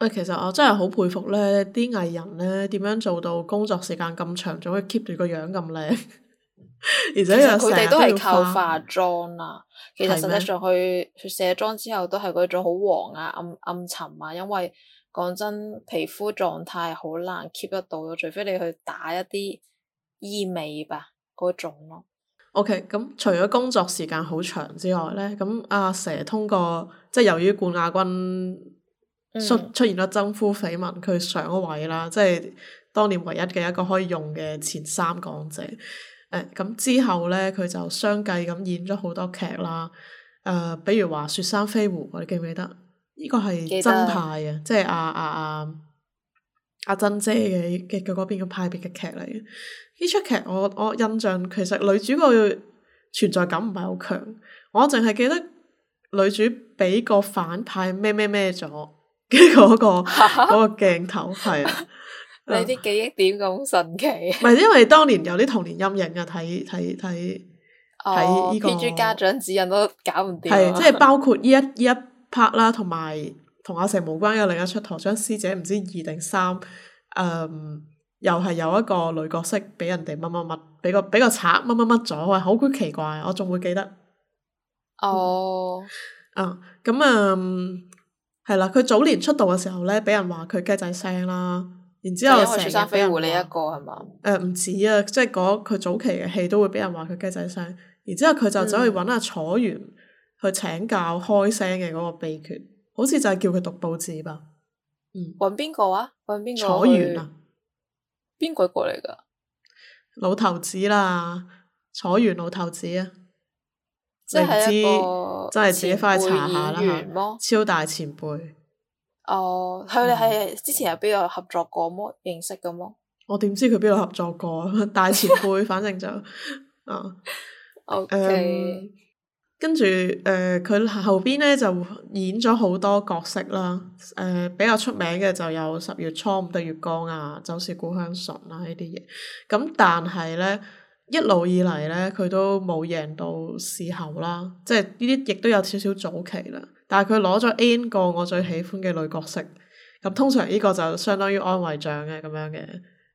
喂，其實我真係好佩服咧，啲藝人咧點樣做到工作時間咁長，仲可以 keep 住個樣咁靚， 而且佢哋都係靠化妝啦、啊。嗎其實實際上去，去卸妝之後，都係嗰種好黃啊、暗暗沉啊。因為講真，皮膚狀態好難 keep 得到，除非你去打一啲醫美吧嗰種咯、啊。OK，咁除咗工作時間好長之外咧，咁阿佘通過即係由於冠亞軍。出出現咗爭夫緋聞，佢上位啦，即係當年唯一嘅一個可以用嘅前三港姐。誒、嗯、咁之後咧，佢就相繼咁演咗好多劇啦。誒、呃，比如話《雪山飛狐》，你記唔記得？呢、這個係真派嘅，得即係阿阿阿阿珍姐嘅嘅嗰邊嘅派別嘅劇嚟。呢出劇我我印象其實女主個存在感唔係好強，我淨係記得女主俾個反派咩咩咩咗。嗰 個嗰個鏡頭係 你啲記憶點咁神奇，唔 係因為當年有啲童年陰影啊！睇睇睇睇呢個，跟住家長指引都搞唔掂。係即係包括呢一呢一 part 啦，同埋同阿成無關嘅另一出陀槍師姐，唔知二定三，嗯，又係有一個女角色俾人哋乜乜乜，俾個俾個賊乜乜乜咗，喂，好鬼奇怪，我仲會記得。哦、oh. 嗯，啊，咁、嗯、啊。嗯嗯嗯嗯嗯係啦，佢早年出道嘅時候咧，畀人話佢雞仔聲啦，然之後成日飛過。即係一個係嘛？誒、呃，唔止啊，即係嗰佢早期嘅戲都會畀人話佢雞仔聲，然之後佢就走去揾阿、啊、楚原去請教開聲嘅嗰個秘訣，嗯、好似就係叫佢讀報紙吧。嗯。揾邊個啊？揾邊個？楚原啊？邊鬼過嚟噶？老頭子啦，楚原老頭子啊！明知，即係一個超大前輩，哦，佢哋係之前有邊度合作過麼認識嘅麼我點知佢邊度合作過？大前輩，反正就啊，O K，跟住誒，佢，呃、後邊咧就演咗好多角色啦，誒、呃，比較出名嘅就有十月初五的月光啊，酒 是故鄉醇啊呢啲嘢，咁但係咧。一路以嚟咧，佢都冇贏到視后啦，即係呢啲亦都有少少早期啦。但係佢攞咗 N 個我最喜歡嘅女角色，咁通常呢個就相當於安慰獎嘅咁樣嘅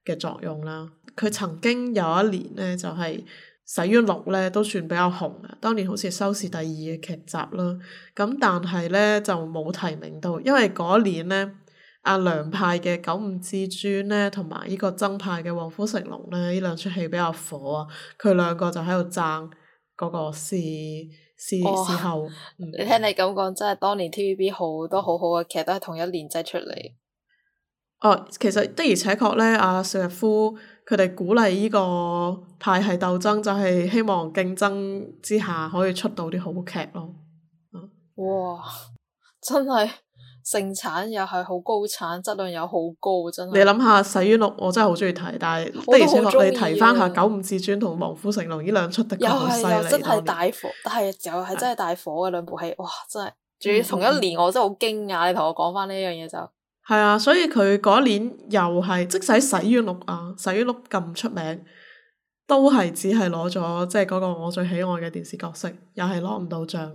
嘅作用啦。佢曾經有一年咧就係、是、死于六咧都算比較紅，當年好似收視第二嘅劇集啦。咁但係咧就冇提名到，因爲嗰年咧。阿、啊、梁派嘅《九五至尊》呢咧，同埋呢個曾派嘅《旺夫成龍》咧，呢兩出戲比較火啊！佢兩個就喺度爭嗰個視。哦、視視後。嗯、你聽你咁講，真係當年 TVB 好多好好嘅劇都係同一年製出嚟。哦，其實的而且確咧，阿邵逸夫佢哋鼓勵呢個派係鬥爭，就係希望競爭之下可以出到啲好劇咯。嗯，哇，真係。盛產又係好高產，質量又好高，真係。你諗下《洗冤錄》，我真係好中意睇，但係我也 但而且你提翻下《九五至尊》同《皇府成龍》呢兩出劇，又係真係大火，年但係又係真係大火嘅兩部戲，哇！真係，仲要同一年，我真係好驚訝，同意你同我講翻呢樣嘢就。係啊，所以佢嗰年又係，即使《洗冤錄》啊《洗冤錄》啊，《洗冤錄》咁出名，都係只係攞咗，即係嗰個我最喜愛嘅電視角色，又係攞唔到獎。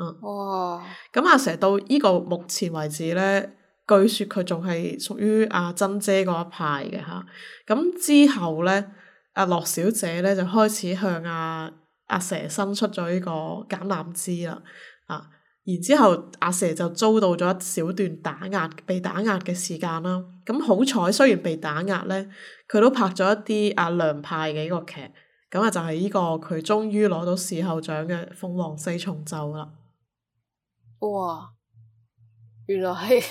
嗯，哇、哦！咁阿、啊、佘到呢個目前為止呢，據說佢仲係屬於阿珍姐嗰一派嘅吓。咁、啊、之後呢，阿、啊、樂小姐呢，就開始向阿、啊、阿、啊、佘伸出咗呢個橄欖枝啦。啊，然之後阿、啊、佘就遭到咗一小段打壓，被打壓嘅時間啦。咁、啊、好彩，雖然被打壓呢，佢都拍咗一啲阿、啊、梁派嘅呢個劇。咁啊，就係、是、呢個佢終於攞到視後獎嘅《鳳凰四重奏》啦。哇！原來係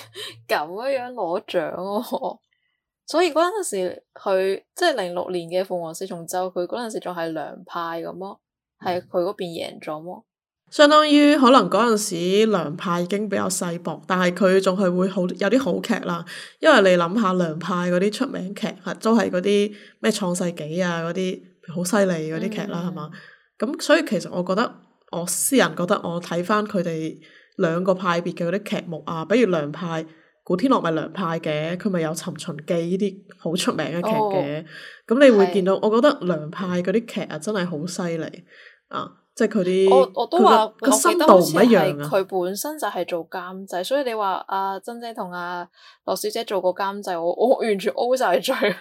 咁樣攞獎哦， 所以嗰陣時佢即係零六年嘅《鳳凰四重奏》，佢嗰陣時仲係梁派咁、啊、咯，係佢嗰邊贏咗咯。相當於可能嗰陣時梁派已經比較細薄，但係佢仲係會好有啲好劇啦。因為你諗下梁派嗰啲出名劇，都係嗰啲咩創世紀啊嗰啲好犀利嗰啲劇啦，係嘛、嗯？咁所以其實我覺得，我私人覺得我睇翻佢哋。兩個派別嘅嗰啲劇目啊，比如梁派，古天樂咪梁派嘅，佢咪有《尋秦記》呢啲好出名嘅劇嘅。咁、哦、你會見到，我覺得梁派嗰啲劇啊，真係好犀利啊！即係佢啲，我都我都話個深度唔一樣。佢本身就係做監製，嗯、所以你話阿、啊、珍姐同阿、啊、羅小姐做個監製，我我完全 O 曬嘴。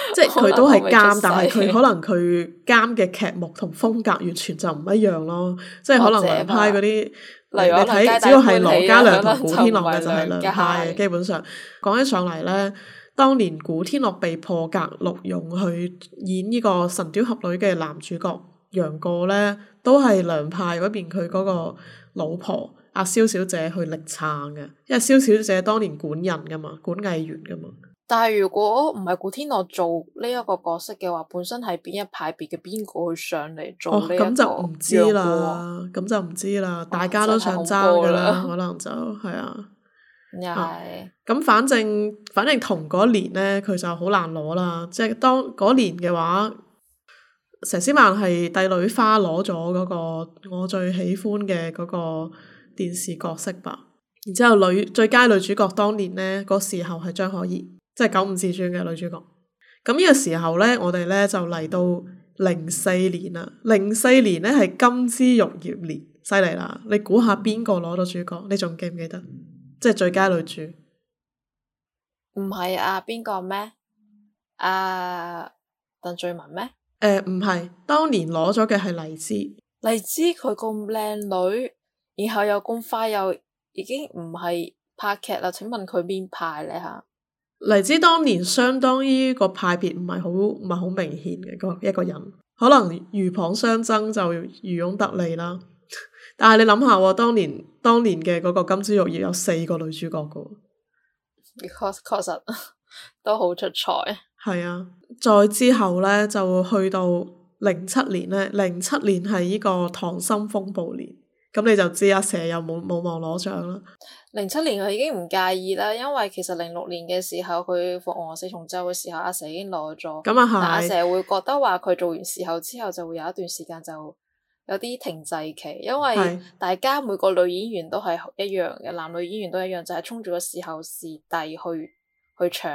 即係佢都係監，但係佢可能佢監嘅劇目同風格完全就唔一樣咯。即係 可能梁派嗰啲。你睇，只要係羅家良同古天樂嘅就係良派，基本上講起上嚟咧，當年古天樂被破格錄用去演呢個神雕俠侶嘅男主角楊過咧，都係良派嗰邊佢嗰個老婆阿蕭、啊、小,小姐去力撐嘅，因為蕭小,小姐當年管人噶嘛，管藝員噶嘛。但係如果唔係古天樂做呢一個角色嘅話，本身係邊一派別嘅邊個去上嚟做？咁就唔知啦，咁就唔知啦，大家都想爭噶啦，哦、可能就係啊，係咁是、哦，反正反正同嗰年咧，佢就好難攞啦。即係當嗰年嘅話，佘詩曼係帝女花攞咗嗰個我最喜歡嘅嗰個電視角色吧。然之後女最佳女主角當年咧嗰時候係張可頤。即係九五至尊嘅女主角。咁、這、呢個時候呢，我哋呢就嚟到零四年啦。零四年呢係金枝玉葉年，犀利啦！你估下邊個攞咗主角？你仲記唔記得？即係最佳女主。唔係啊？邊個咩？啊？鄧萃雯咩？誒、呃，唔係，當年攞咗嘅係黎姿。黎姿佢咁靚女，然後又咁快又已經唔係拍劇啦。請問佢邊派咧吓？黎姿當年相當於個派別唔係好唔係好明顯嘅一個一個人，可能鷸蚌相爭就漁翁得利啦。但係你諗下，當年當年嘅嗰個金枝玉葉有四個女主角噶，確確實都好出彩。係啊，再之後呢，就去到零七年呢，零七年係呢個溏心風暴年，咁你就知阿、啊、佘又冇冇望攞獎啦。零七年佢已經唔介意啦，因為其實零六年嘅時候佢鳳凰四重奏嘅時候，阿蛇已經攞咗，但阿蛇會覺得話佢做完視后之後就會有一段時間就有啲停滯期，因為大家每個女演員都係一樣嘅，是男女演員都一樣，就係衝住個視后視帝去去搶，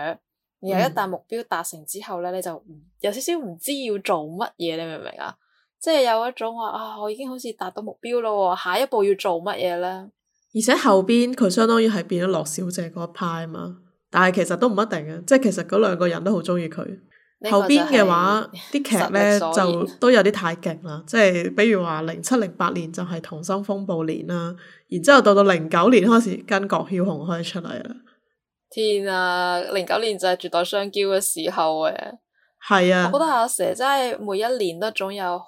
然後一旦目標達成之後咧，嗯、你就有少少唔知要做乜嘢，你明唔明啊？即、就、係、是、有一種話啊，我已經好似達到目標咯，下一步要做乜嘢咧？而且後邊佢相當於係變咗樂小姐嗰一派啊嘛，但係其實都唔一定嘅，即係其實嗰兩個人都好中意佢。後邊嘅話，啲劇咧就都有啲太勁啦，即係比如話零七零八年就係《溏心風暴》年啦，然之後到到零九年開始跟郭曉紅開始出嚟啦。天啊！零九年就係絕代雙驕嘅時候誒。係啊，我覺得阿佘真係每一年都總有好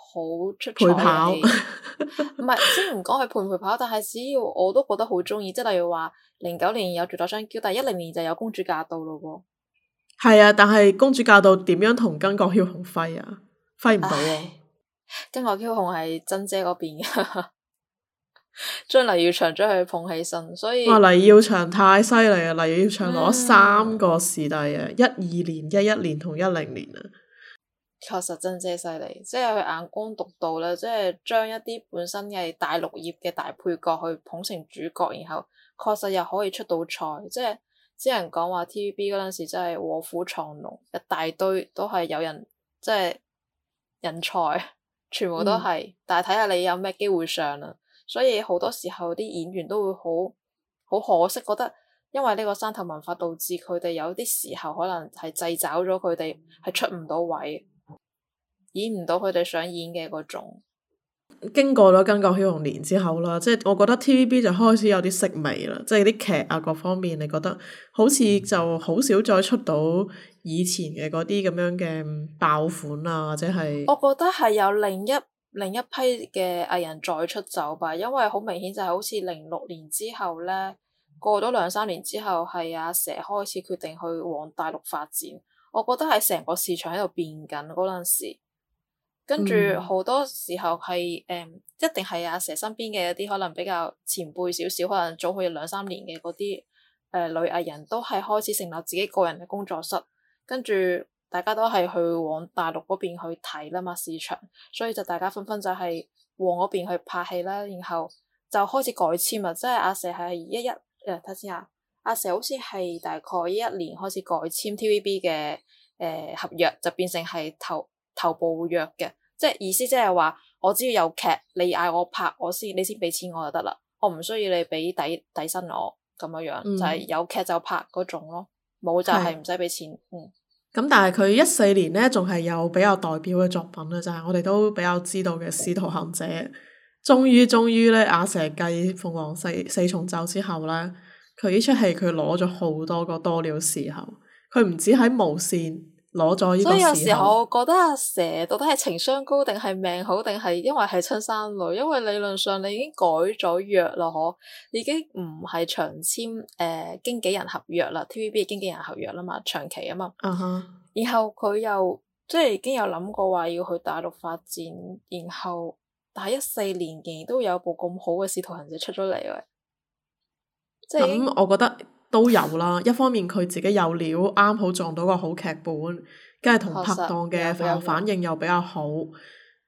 出彩嘅，唔係陪跑 先唔講係陪陪跑，但係只要我都覺得好中意，即係例如話零九年有住咗雙嬌，但係一零年就有公主嫁到咯喎。係啊，但係公主嫁到點樣同巾幗梟雄揮啊？揮唔到啊？巾幗梟雄係珍姐嗰邊嘅。 將黎耀祥將佢捧起身，所以哇！黎耀祥太犀利啊！黎耀祥攞三個視帝，啊，一二年、一一年同一零年啊。確實真係犀利，即係佢眼光獨到咧，即係將一啲本身嘅大綠葉嘅大配角去捧成主角，然後確實又可以出到賽。即係之前講話 TVB 嗰陣時真係臥虎藏龍，一大堆都係有人即係人才，全部都係。嗯、但係睇下你有咩機會上啦。所以好多時候啲演員都會好好可惜，覺得因為呢個山頭文化導致佢哋有啲時候可能係掣肘咗佢哋，係出唔到位，演唔到佢哋想演嘅嗰種。經過咗《巾幗梟雄》年之後啦，即係我覺得 TVB 就開始有啲式微啦，即係啲劇啊各方面，你覺得好似就好少再出到以前嘅嗰啲咁樣嘅爆款啊，或者係？我覺得係有另一。另一批嘅藝人再出走吧，因為好明顯就係好似零六年之後咧，過咗兩三年之後，係阿蛇開始決定去往大陸發展。我覺得喺成個市場喺度變緊嗰陣時，跟住好多時候係，誒、嗯，一定係阿蛇身邊嘅一啲可能比較前輩少少，可能早去兩三年嘅嗰啲誒女藝人都係開始成立自己個人嘅工作室，跟住。大家都係去往大陸嗰邊去睇啦嘛，市場，所以就大家紛紛就係往嗰邊去拍戲啦，然後就開始改簽啊，即係阿佘係一一誒睇先啊，阿佘好似係大概一一年開始改簽 TVB 嘅誒、呃、合約，就變成係頭頭部約嘅，即係意思即係話我只要有劇，你嗌我拍，我先你先俾錢我就得啦，我唔需要你俾底底薪我咁樣樣，嗯、就係有劇就拍嗰種咯，冇就係唔使俾錢的嗯。咁但係佢一四年咧，仲係有比較代表嘅作品啦，就係、是、我哋都比較知道嘅《使徒行者》。終於終於咧，啊阿佘繼《鳳凰四四重奏》之後咧，佢呢出戲佢攞咗好多個多料視后，佢唔止喺無線。攞咗，所以有時候我覺得阿蛇到底係情商高定係命好定係因為係親生女？因為理論上你已經改咗約咯，嗬，已經唔係長簽誒、呃、經紀人合約啦，TVB 嘅經紀人合約啦嘛，長期啊嘛。Uh huh. 然後佢又即係已經有諗過話要去大陸發展，然後但係一四年仍然都有部咁好嘅《使徒行者》出咗嚟，即係咁、嗯、我覺得。都有啦，一方面佢自己有料，啱好撞到個好劇本，跟住同拍檔嘅反反應又比較好，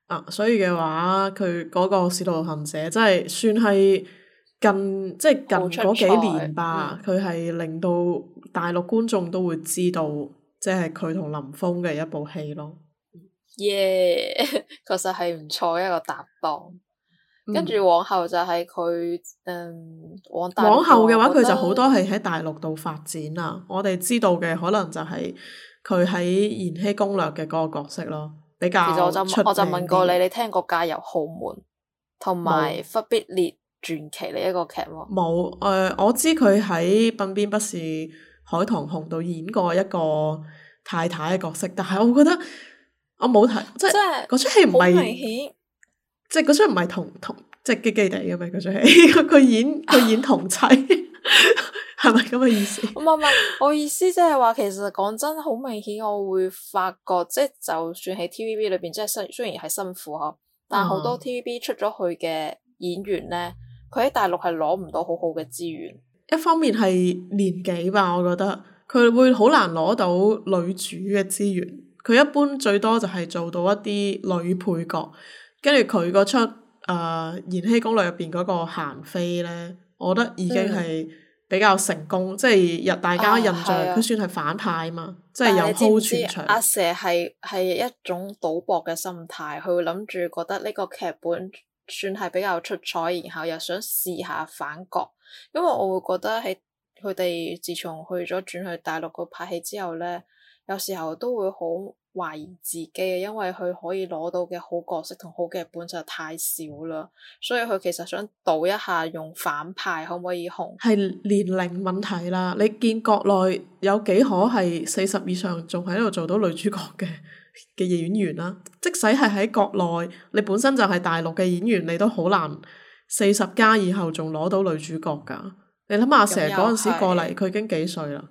啊，所以嘅話佢嗰個《使徒行者》真係算係近即係近嗰幾年吧，佢係令到大陸觀眾都會知道，即係佢同林峯嘅一部戲咯。Yeah，確實係唔錯一個搭檔。.跟住往後就係佢，嗯，往往後嘅話佢就好多係喺大陸度發展啦。我哋知道嘅可能就係佢喺《延禧攻略》嘅嗰個角色咯，比較。我就我就問過你，你聽過《嫁入豪門》同埋《忽必烈傳奇》呢、這、一個劇麼？冇誒、呃，我知佢喺《鬢邊不是海棠紅》度演過一個太太嘅角色，但係我覺得我冇睇，即係嗰出戲唔係。即係嗰出唔係同同，即係、就是、基基地嘅咩？嗰出戲佢演佢 演同妻，係咪咁嘅意思？唔係唔係，我意思即係話，其實講真，好明顯，我會發覺，即、就、係、是、就算喺 TVB 裏邊，即係雖然係辛苦嗬，但好多 TVB 出咗去嘅演員咧，佢喺大陸係攞唔到好好嘅資源。 一方面係年紀吧，我覺得佢會好難攞到女主嘅資源。佢一般最多就係做到一啲女配角。跟住佢嗰出誒《延禧攻略》入邊嗰個鹹妃咧，我覺得已經係比較成功，嗯、即係入大家印象，佢算係反派嘛，啊啊、即係有高轉場，阿蛇係係一種賭博嘅心態，佢會諗住覺得呢個劇本算係比較出彩，然後又想試下反角，因為我會覺得喺佢哋自從去咗轉去大陸個拍戲之後咧。有時候都會好懷疑自己嘅，因為佢可以攞到嘅好角色同好嘅本就太少啦，所以佢其實想賭一下用反派可唔可以紅？係年齡問題啦，你見國內有幾可係四十以上仲喺度做到女主角嘅嘅演員啦、啊？即使係喺國內，你本身就係大陸嘅演員，你都好難四十加以後仲攞到女主角噶。你諗成日嗰陣時過嚟，佢已經幾歲啦？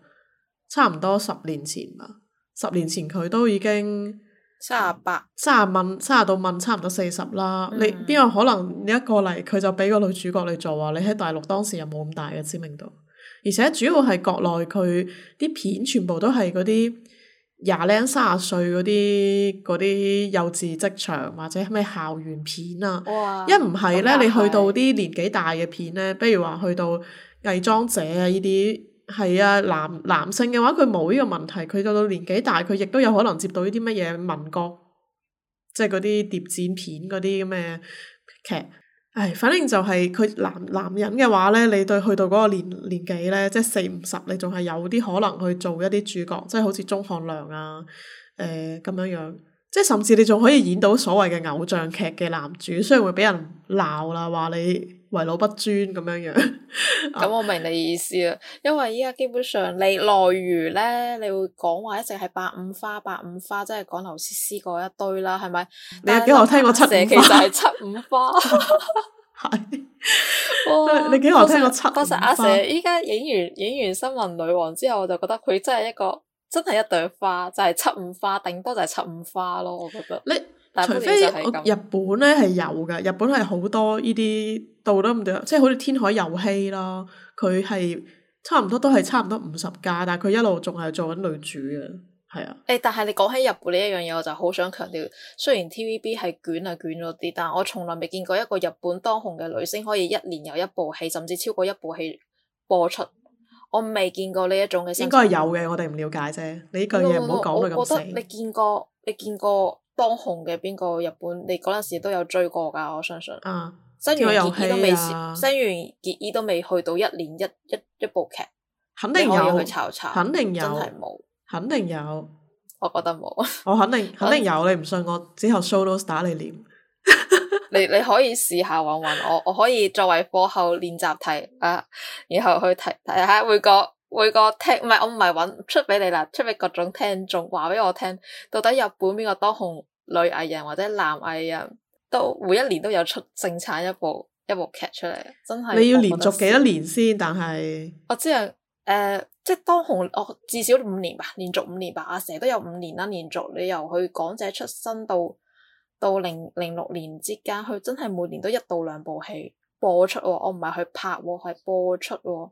差唔多十年前啦。十年前佢都已經三廿八、三廿問、三廿到問，差唔多四十啦。嗯、你邊有可能你一過嚟佢就畀個女主角你做？話你喺大陸當時又冇咁大嘅知名度，而且主要係國內佢啲片全部都係嗰啲廿零、三廿歲嗰啲啲幼稚職場或者咩校園片啊。一唔係咧，呢是你去到啲年紀大嘅片咧，比如話去到偽裝者啊呢啲。係啊，男男性嘅話佢冇呢個問題，佢到到年紀大，佢亦都有可能接到呢啲乜嘢民國，即係嗰啲諜戰片嗰啲咁嘅劇。唉，反正就係佢男男人嘅話呢，你對去到嗰個年年紀咧，即係四五十，你仲係有啲可能去做一啲主角，即係好似鍾漢良啊，誒咁樣樣。即係甚至你仲可以演到所謂嘅偶像劇嘅男主，雖然會俾人鬧啦，話你為老不尊咁 樣樣。咁我明你意思啦，因為依家基本上你內娛咧，你會講話一直係八五花、八五花，即係講劉詩詩嗰一堆啦，係咪？你幾何聽過七？阿佘其實係七五花。係。你幾何聽過七五花？當時阿佘依家影完影完《新聞女王》之後，我就覺得佢真係一個。真係一朵花，就係、是、七五花，頂多就係七五花咯。我覺得你，但係不除非日本咧係有嘅，日本係好多呢啲到得唔多，即係好似天海佑希咯，佢係差唔多都係差唔多五十家，但係佢一路仲係做緊女主嘅，係啊。誒、欸，但係你講起日本呢一樣嘢，我就好想強調，雖然 TVB 係捲啊捲咗啲，但係我從來未見過一個日本當紅嘅女星可以一年有一部戲，甚至超過一部戲播出。我未見過呢一種嘅新。應該有嘅，我哋唔了解啫。你呢句嘢唔好講到咁死。我覺得你見過你見過當紅嘅邊個日本？你嗰陣時都有追過㗎，我相信。嗯、啊。啊、新垣結衣都未，新垣結衣都未去到一年一一一部劇。肯定有去查查。肯定有。真係冇。肯定有。我覺得冇。我肯定肯定有，你唔信我之後 show 到打你臉。 你你可以試下揾揾我，我可以作為課後練習題啊，然後去睇睇下每個每個聽，唔係我唔係揾出俾你啦，出俾各種聽眾話俾我聽，到底日本邊個當紅女藝人或者男藝人都每一年都有出生產一部一部劇出嚟，真係你要連續幾多年先？但係我知啊，誒、呃，即係當紅，我、哦、至少五年吧，連續五年吧。成、啊、日都有五年啦、啊，連續你由佢港姐出身到到零零六年之間，佢真係每年都一到兩部戲播出喎，我唔係去拍，係播出，就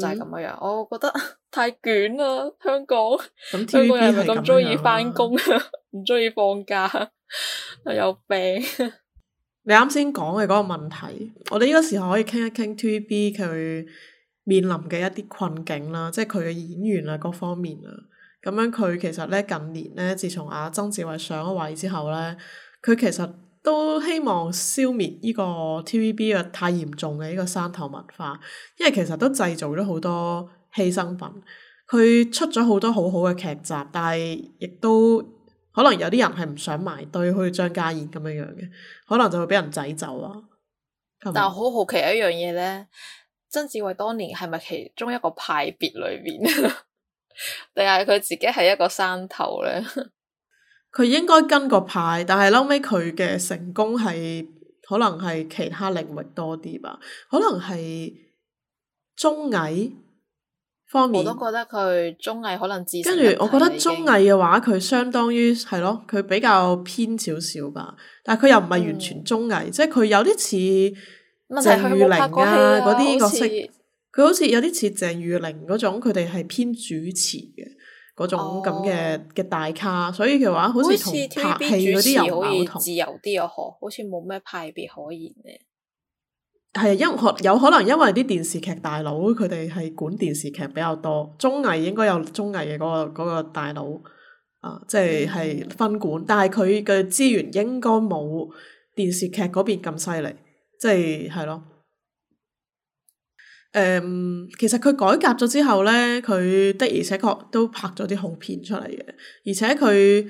係咁嘅樣。嗯、我覺得 太捲啦，香港，TV 香港人係咪咁中意翻工，唔中意放假，又 有病。 你啱先講嘅嗰個問題，我哋呢個時候可以傾一傾 T V B 佢面臨嘅一啲困境啦，即係佢嘅演員啊，各方面啊。咁樣佢其實咧近年咧，自從阿、啊、曾志偉上咗位之後咧，佢其實都希望消滅呢個 TVB 嘅太嚴重嘅呢個山頭文化，因為其實都製造咗好多犧牲品。佢出咗好多好好嘅劇集，但係亦都可能有啲人係唔想埋堆，好似張家燕咁樣樣嘅，可能就會俾人擠走啊。但係好好奇一樣嘢咧，曾志偉當年係咪其中一個派別裏面？ 定係佢自己係一個山頭咧？佢應該跟個牌，但係後屘佢嘅成功係可能係其他領域多啲吧，可能係綜藝方面，我都覺得佢綜藝可能自己跟住，我覺得綜藝嘅話佢相當於係咯，佢比較偏少少吧，但係佢又唔係完全綜藝，嗯、即係佢有啲似鄭裕玲啊嗰啲、啊、角色。佢好似有啲似鄭裕玲嗰種，佢哋係偏主持嘅嗰種咁嘅嘅大咖，所以嘅話好似同拍戲嗰啲又矛盾。自由啲啊，嗬！好似冇咩派別可言嘅。係因可有可能因為啲電視劇大佬佢哋係管電視劇比較多，綜藝應該有綜藝嘅嗰個嗰、嗰個大佬啊，即係係分管，但係佢嘅資源應該冇電視劇嗰邊咁犀利，即係係咯。誒，um, 其實佢改革咗之後咧，佢的而且確都拍咗啲好片出嚟嘅。而且佢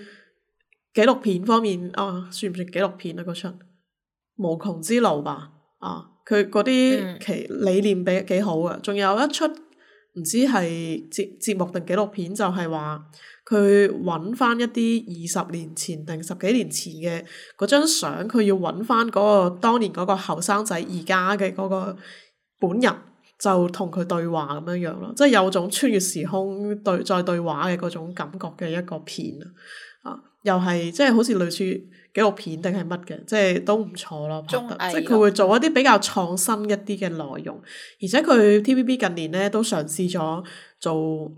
紀錄片方面，啊，算唔算紀錄片啊？嗰出《無窮之路》吧，啊，佢嗰啲其理念比幾好嘅。仲有一出唔知係節節目定紀錄片，就係話佢揾翻一啲二十年前定十幾年前嘅嗰張相，佢要揾翻嗰個當年嗰個後生仔而家嘅嗰個本人。就同佢對話咁樣樣咯，即係有種穿越時空對再對話嘅嗰種感覺嘅一個片啊，又係即係好似類似紀錄片定係乜嘅，即係都唔錯咯。即係佢會做一啲比較創新一啲嘅內容，而且佢 TVB 近年呢都嘗試咗做，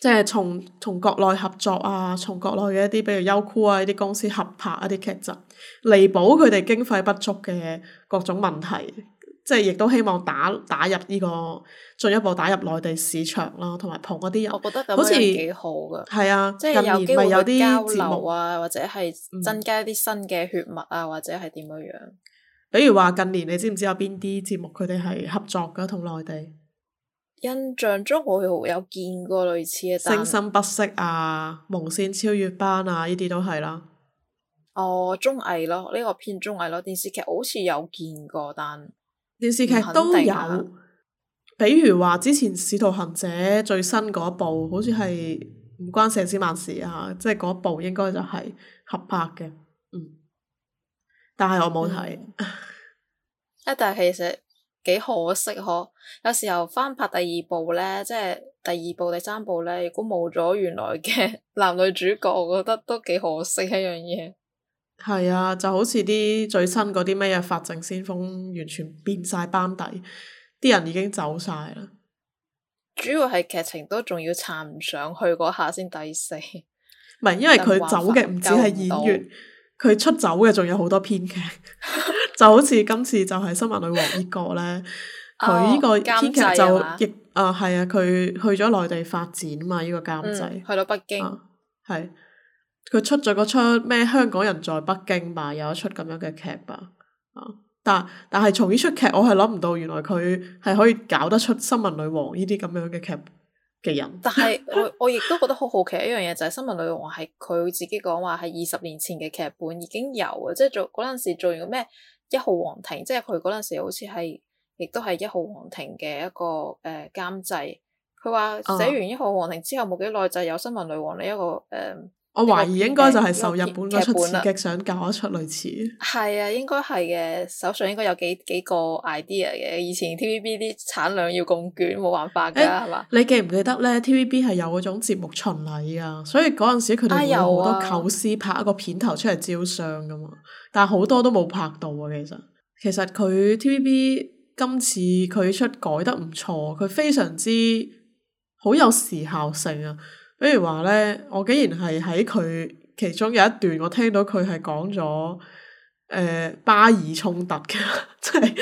即係從從國內合作啊，從國內嘅一啲比如優酷啊呢啲公司合拍一啲劇集，彌補佢哋經費不足嘅各種問題。即係亦都希望打打入呢、這個進一步打入內地市場啦，同埋捧嗰啲人，我覺得咁樣好似像幾好噶。係啊，即係近年，近年有啲節目啊，或者係增加一啲新嘅血脈啊，嗯、或者係點樣樣。比如話近年你知唔知有邊啲節目佢哋係合作噶同、啊、內地？印象中我有，有見過類似嘅《聲生不息》啊，《無綫超越班》啊，呢啲都係啦。哦，綜藝咯，呢、這個偏綜藝咯，電視劇好似有見過，但。電視劇都有，啊、比如話之前《使徒行者》最新嗰部，嗯、好似係唔關佘詩曼事啊，即係嗰部應該就係合拍嘅，嗯，但係我冇睇。啊、嗯！ 但係其實幾可惜，嗬。有時候翻拍第二部咧，即係第二部、第三部咧，如果冇咗原來嘅男女主角，我覺得都幾可惜一樣嘢。係啊，就好似啲最新嗰啲咩嘢《法證先鋒》，完全變晒班底，啲人已經走晒啦。主要係劇情都仲要撐唔上去嗰下先抵死。唔係，因為佢走嘅唔止係演員，佢出走嘅仲有好多編劇， 就好似今次就係《新聞女王》呢 個咧，佢呢個編劇就亦啊係啊，佢去咗內地發展嘛，呢、啊啊這個監製、嗯、去到北京係。 佢出咗嗰出咩香港人在北京吧，有一出咁樣嘅劇吧。啊，但但係從呢出劇，我係諗唔到原來佢係可以搞得出新聞女王呢啲咁樣嘅劇嘅人。但係是 我我亦都覺得好好奇一樣嘢，就係、是、新聞女王係佢自己講話係二十年前嘅劇本已經有啊，即係做嗰陣時做完個咩一號皇庭，即係佢嗰陣時好似係亦都係一號皇庭嘅一個誒監製。佢話寫完一號皇庭之後冇幾耐就有新聞女王呢一個誒。呃呃我懷疑應該就係受日本嗰出刺激想搞一出類似。係啊，應該係嘅。手上應該有幾幾個 idea 嘅。以前 TVB 啲產量要咁卷，冇辦法㗎，係嘛、欸？吧你記唔記得咧？TVB 係有嗰種節目巡禮啊，所以嗰陣時佢哋有好多構思拍一個片頭出嚟招商㗎嘛。哎啊、但係好多都冇拍到啊，其實。其實佢 TVB 今次佢出改得唔錯，佢非常之好有時效性啊。比如話咧，我竟然係喺佢其中有一段，我聽到佢係講咗誒巴以衝突嘅。 即係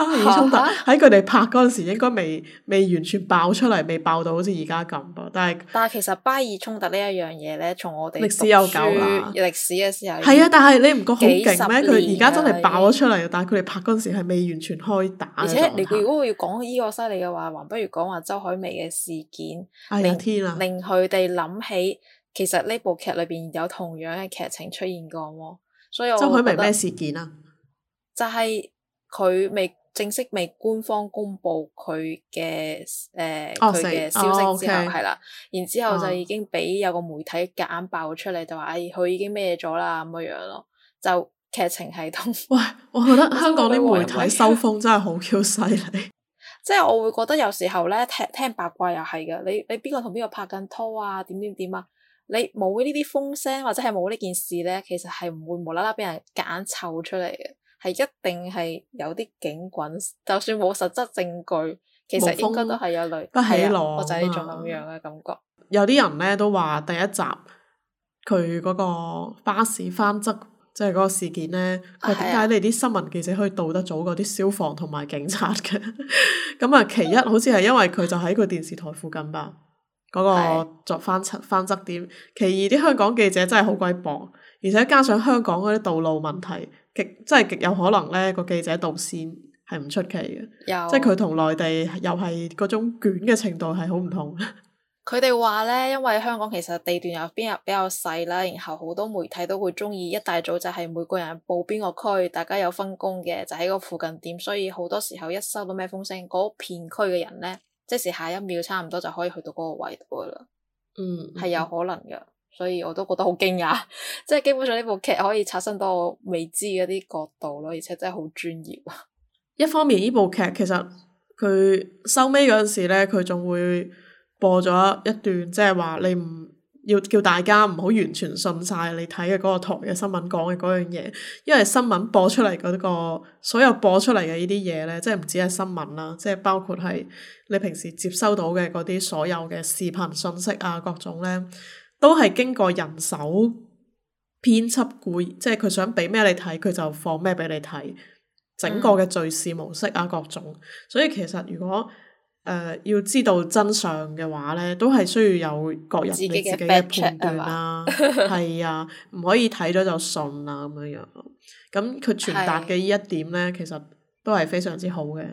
巴以衝突喺佢哋拍嗰陣時應該，應該未未完全爆出嚟，未爆到好似而家咁噃。但係但係其實巴以衝突呢一樣嘢咧，從我哋歷史有久啦，歷史嘅時候。係啊，但係你唔覺好勁咩？佢而家真係爆咗出嚟，經但係佢哋拍嗰陣時係未完全開打。而且你如果我要講呢個犀利嘅話，還不如講話周海媚嘅事件，哎、呀令天啊，令佢哋諗起其實呢部劇裏邊有同樣嘅劇情出現過，所以周海媚咩事件啊？就係佢未。正式未官方公布佢嘅誒佢嘅消息之後係啦，然、oh, okay. 之後就已經俾有個媒體夾硬爆出嚟、oh.，就話：哎，佢已經咩咗啦咁樣樣咯。就劇情係同，喂，我覺得香港啲媒體 收風真係好 Q 犀利啦。即係 我會覺得有時候咧，聽聽八卦又係嘅。你你邊個同邊個拍緊拖啊？點點點啊？你冇呢啲風聲或者係冇呢件事咧，其實係唔會無啦啦俾人夾硬湊出嚟嘅。係一定係有啲警棍，就算冇實質證據，其實應該都係有雷。無風不起浪，或者係呢種咁樣嘅感覺。有啲人咧都話第一集佢嗰個巴士翻側，即係嗰個事件咧，佢點解你啲新聞記者可以到得早嗰啲消防同埋警察嘅？咁 啊、嗯，其一好似係因為佢就喺佢電視台附近吧，嗰、嗰個作翻側翻側點。啊、其二啲香港記者真係好鬼薄，而且加上香港嗰啲道路問題。即極有可能咧，個記者導線係唔出奇嘅，有即係佢同內地又係嗰種卷嘅程度係好唔同。佢哋話咧，因為香港其實地段又邊又比較細啦，然後好多媒體都會中意一大組，就係每個人報邊個區，大家有分工嘅，就喺個附近點，所以好多時候一收到咩風聲，嗰片區嘅人咧，即時下一秒差唔多就可以去到嗰個位度噶啦。嗯，係有可能嘅。所以我都覺得好驚訝，即係基本上呢部劇可以產生到我未知嗰啲角度咯，而且真係好專業。一方面呢部劇其實佢收尾嗰陣時咧，佢仲會播咗一段，即係話你唔要叫大家唔好完全信晒你睇嘅嗰個台嘅新聞講嘅嗰樣嘢，因為新聞播出嚟，嗰個所有播出嚟嘅呢啲嘢咧，即係唔止係新聞啦，即係包括係你平時接收到嘅嗰啲所有嘅視頻信息啊，各種咧。都係經過人手編輯過，即係佢想俾咩你睇，佢就放咩俾你睇。整個嘅敘事模式啊，各種，嗯、所以其實如果誒、呃、要知道真相嘅話咧，都係需要有各人你自己嘅判斷啦。係啊，唔可以睇咗就信啦咁樣樣。咁佢傳達嘅呢一點咧，是其實都係非常之好嘅。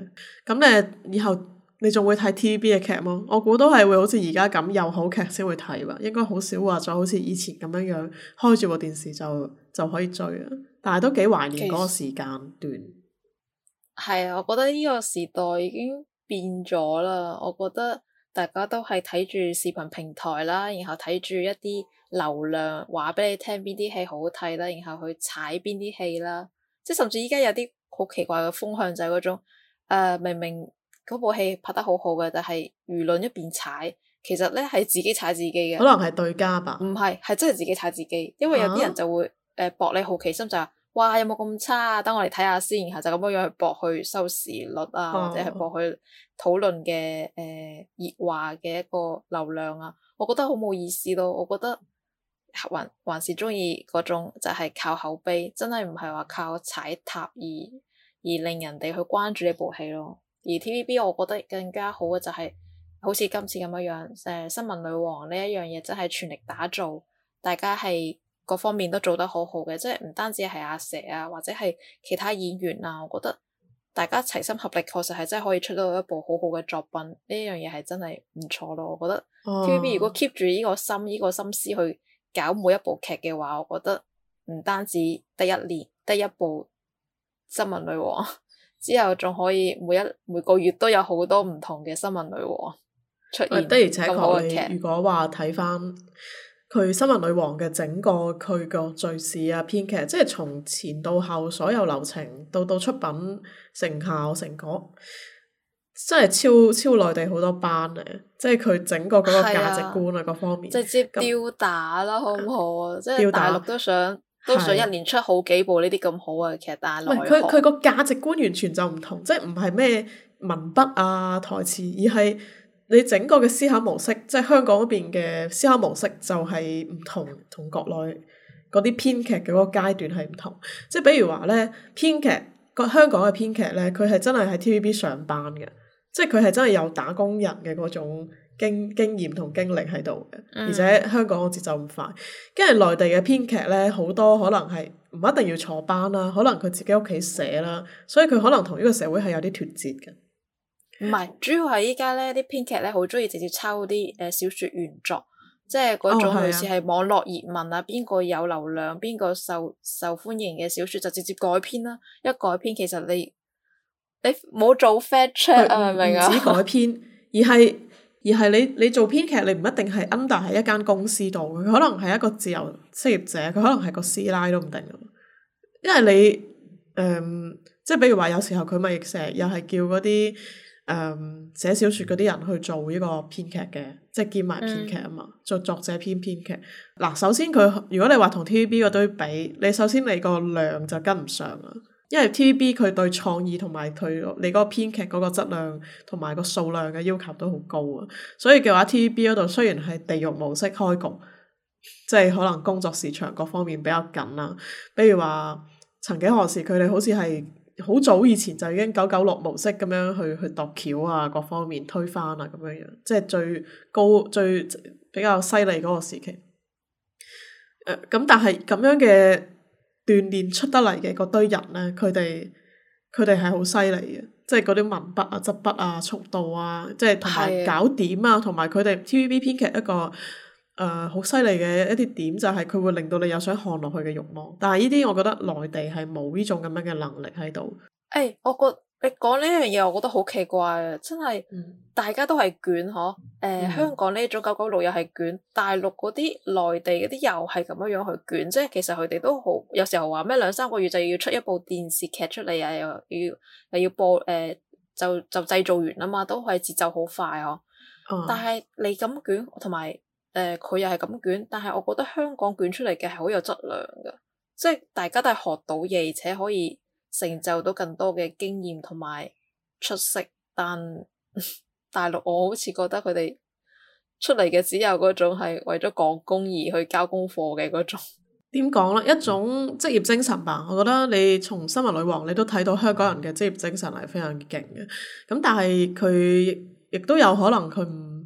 咁咧以後。你仲會睇 TVB 嘅劇麼？我估都係會好似而家咁有好劇先會睇吧。應該少好少話再好似以前咁樣樣開住部電視就就可以追啊。但係都幾懷念嗰個時間段。係啊，我覺得呢個時代已經變咗啦。我覺得大家都係睇住視頻平台啦，然後睇住一啲流量話俾你聽邊啲戲好睇啦，然後去踩邊啲戲啦。即係甚至依家有啲好奇怪嘅風向，就係、是、嗰種、呃、明明。嗰部戲拍得好好嘅，但係輿論一邊踩，其實咧係自己踩自己嘅。可能係對家吧？唔係，係真係自己踩自己。因為有啲人就會誒博、啊呃、你好奇心，就話哇有冇咁差？等我嚟睇下先，然後就咁樣樣去博去收視率啊，啊或者係博去討論嘅誒熱話嘅一個流量啊。我覺得好冇意思咯。我覺得還還是中意嗰種就係靠口碑，真係唔係話靠踩塔而而令人哋去關注呢部戲咯。而 TVB 我覺得更加好嘅就係、是，好似今次咁樣樣，誒新聞女王呢一樣嘢真係全力打造，大家係各方面都做得好好嘅，即係唔單止係阿佘啊，或者係其他演員啊，我覺得大家齊心合力，確實係真係可以出到一部好好嘅作品，呢樣嘢係真係唔錯咯。我覺得 TVB 如果 keep 住呢個心、依、呢個心思去搞每一部劇嘅話，我覺得唔單止得一年得一部新聞女王。之後仲可以每一每個月都有好多唔同嘅新聞女王出現。的而且確，如果話睇翻佢新聞女王嘅整個佢個敍事啊、編劇，即係從前到後所有流程到到出品成效、成果，真係超超內地好多班咧！即係佢整個嗰個價值觀啊各方面直接吊打啦，那好唔好啊？打即係大陸都想都想一年出好幾部呢啲咁好嘅劇，但係佢佢個價值觀完全就唔同，即係唔係咩文筆啊台詞，而係你整個嘅思考模式，即係香港嗰邊嘅思考模式就係唔同，同國內嗰啲編劇嘅嗰個階段係唔同。即係比如話咧，編劇個香港嘅編劇咧，佢係真係喺 TVB 上班嘅。即係佢係真係有打工人嘅嗰種經經驗同經歷喺度嘅，嗯、而且香港嘅節奏咁快，跟住內地嘅編劇咧，好多可能係唔一定要坐班啦，可能佢自己屋企寫啦，所以佢可能同呢個社會係有啲脫節嘅。唔係，主要係依家咧啲編劇咧好中意直接抄啲誒小說原作，即係嗰種類似係網絡熱文啊，邊個有流量，邊個受受歡迎嘅小說就直接改編啦，啊。一改編，其實你。你唔好做 feature 啊！明啊？唔止改編 而係而係你你做編劇，你唔一定係 under 喺一間公司度，佢可能係一個自由職業者，佢可能係個師奶都唔定嘅。因為你誒、嗯，即係比如話，有時候佢咪成日又係叫嗰啲誒寫小說嗰啲人去做呢個編劇嘅，即係兼埋編劇啊嘛，做、嗯、作，作者編編劇。嗱，首先佢如果你話同 TVB 嗰堆比，你首先你個量就跟唔上啊。因為 T V B 佢對創意同埋佢你嗰個編劇嗰個質量同埋個數量嘅要求都好高啊，所以嘅話 T V B 嗰度雖然係地獄模式開局，即係可能工作市場各方面比較緊啊。比如話曾幾何時佢哋好似係好早以前就已經九九六模式咁樣去去度橋啊，各方面推翻啊咁樣樣，即係最高最比較犀利嗰個時期、呃。誒，咁但係咁樣嘅。鍛鍊出得嚟嘅嗰堆人咧，佢哋佢哋係好犀利嘅，即係嗰啲文筆啊、執筆啊、速度啊，即係同埋搞點啊，同埋佢哋 TVB 編劇一個誒好犀利嘅一點點，就係佢會令到你有想看落去嘅慾望。但係呢啲我覺得內地係冇呢種咁樣嘅能力喺度。誒、欸，我覺。你講呢樣嘢，我覺得好奇怪，啊。真係、嗯、大家都係卷嗬。誒、呃，嗯、香港呢種九九六又係卷，大陸嗰啲內地嗰啲又係咁樣樣去卷，即係其實佢哋都好，有時候話咩兩三個月就要出一部電視劇出嚟啊，又要又要播誒、呃，就就製造完啦嘛，都係節奏好快嗬。啊嗯、但係你咁卷，同埋誒佢又係咁卷，但係我覺得香港卷出嚟嘅係好有質量噶，即係大家都係學到嘢，而且可以。成就到更多嘅經驗同埋出色，但大陸我好似覺得佢哋出嚟嘅只有嗰種係為咗趕工而去交功課嘅嗰種。點講呢？一種職業精神吧。我覺得你從新聞女王你都睇到香港人嘅職業精神係非常勁嘅。咁但係佢亦都有可能佢唔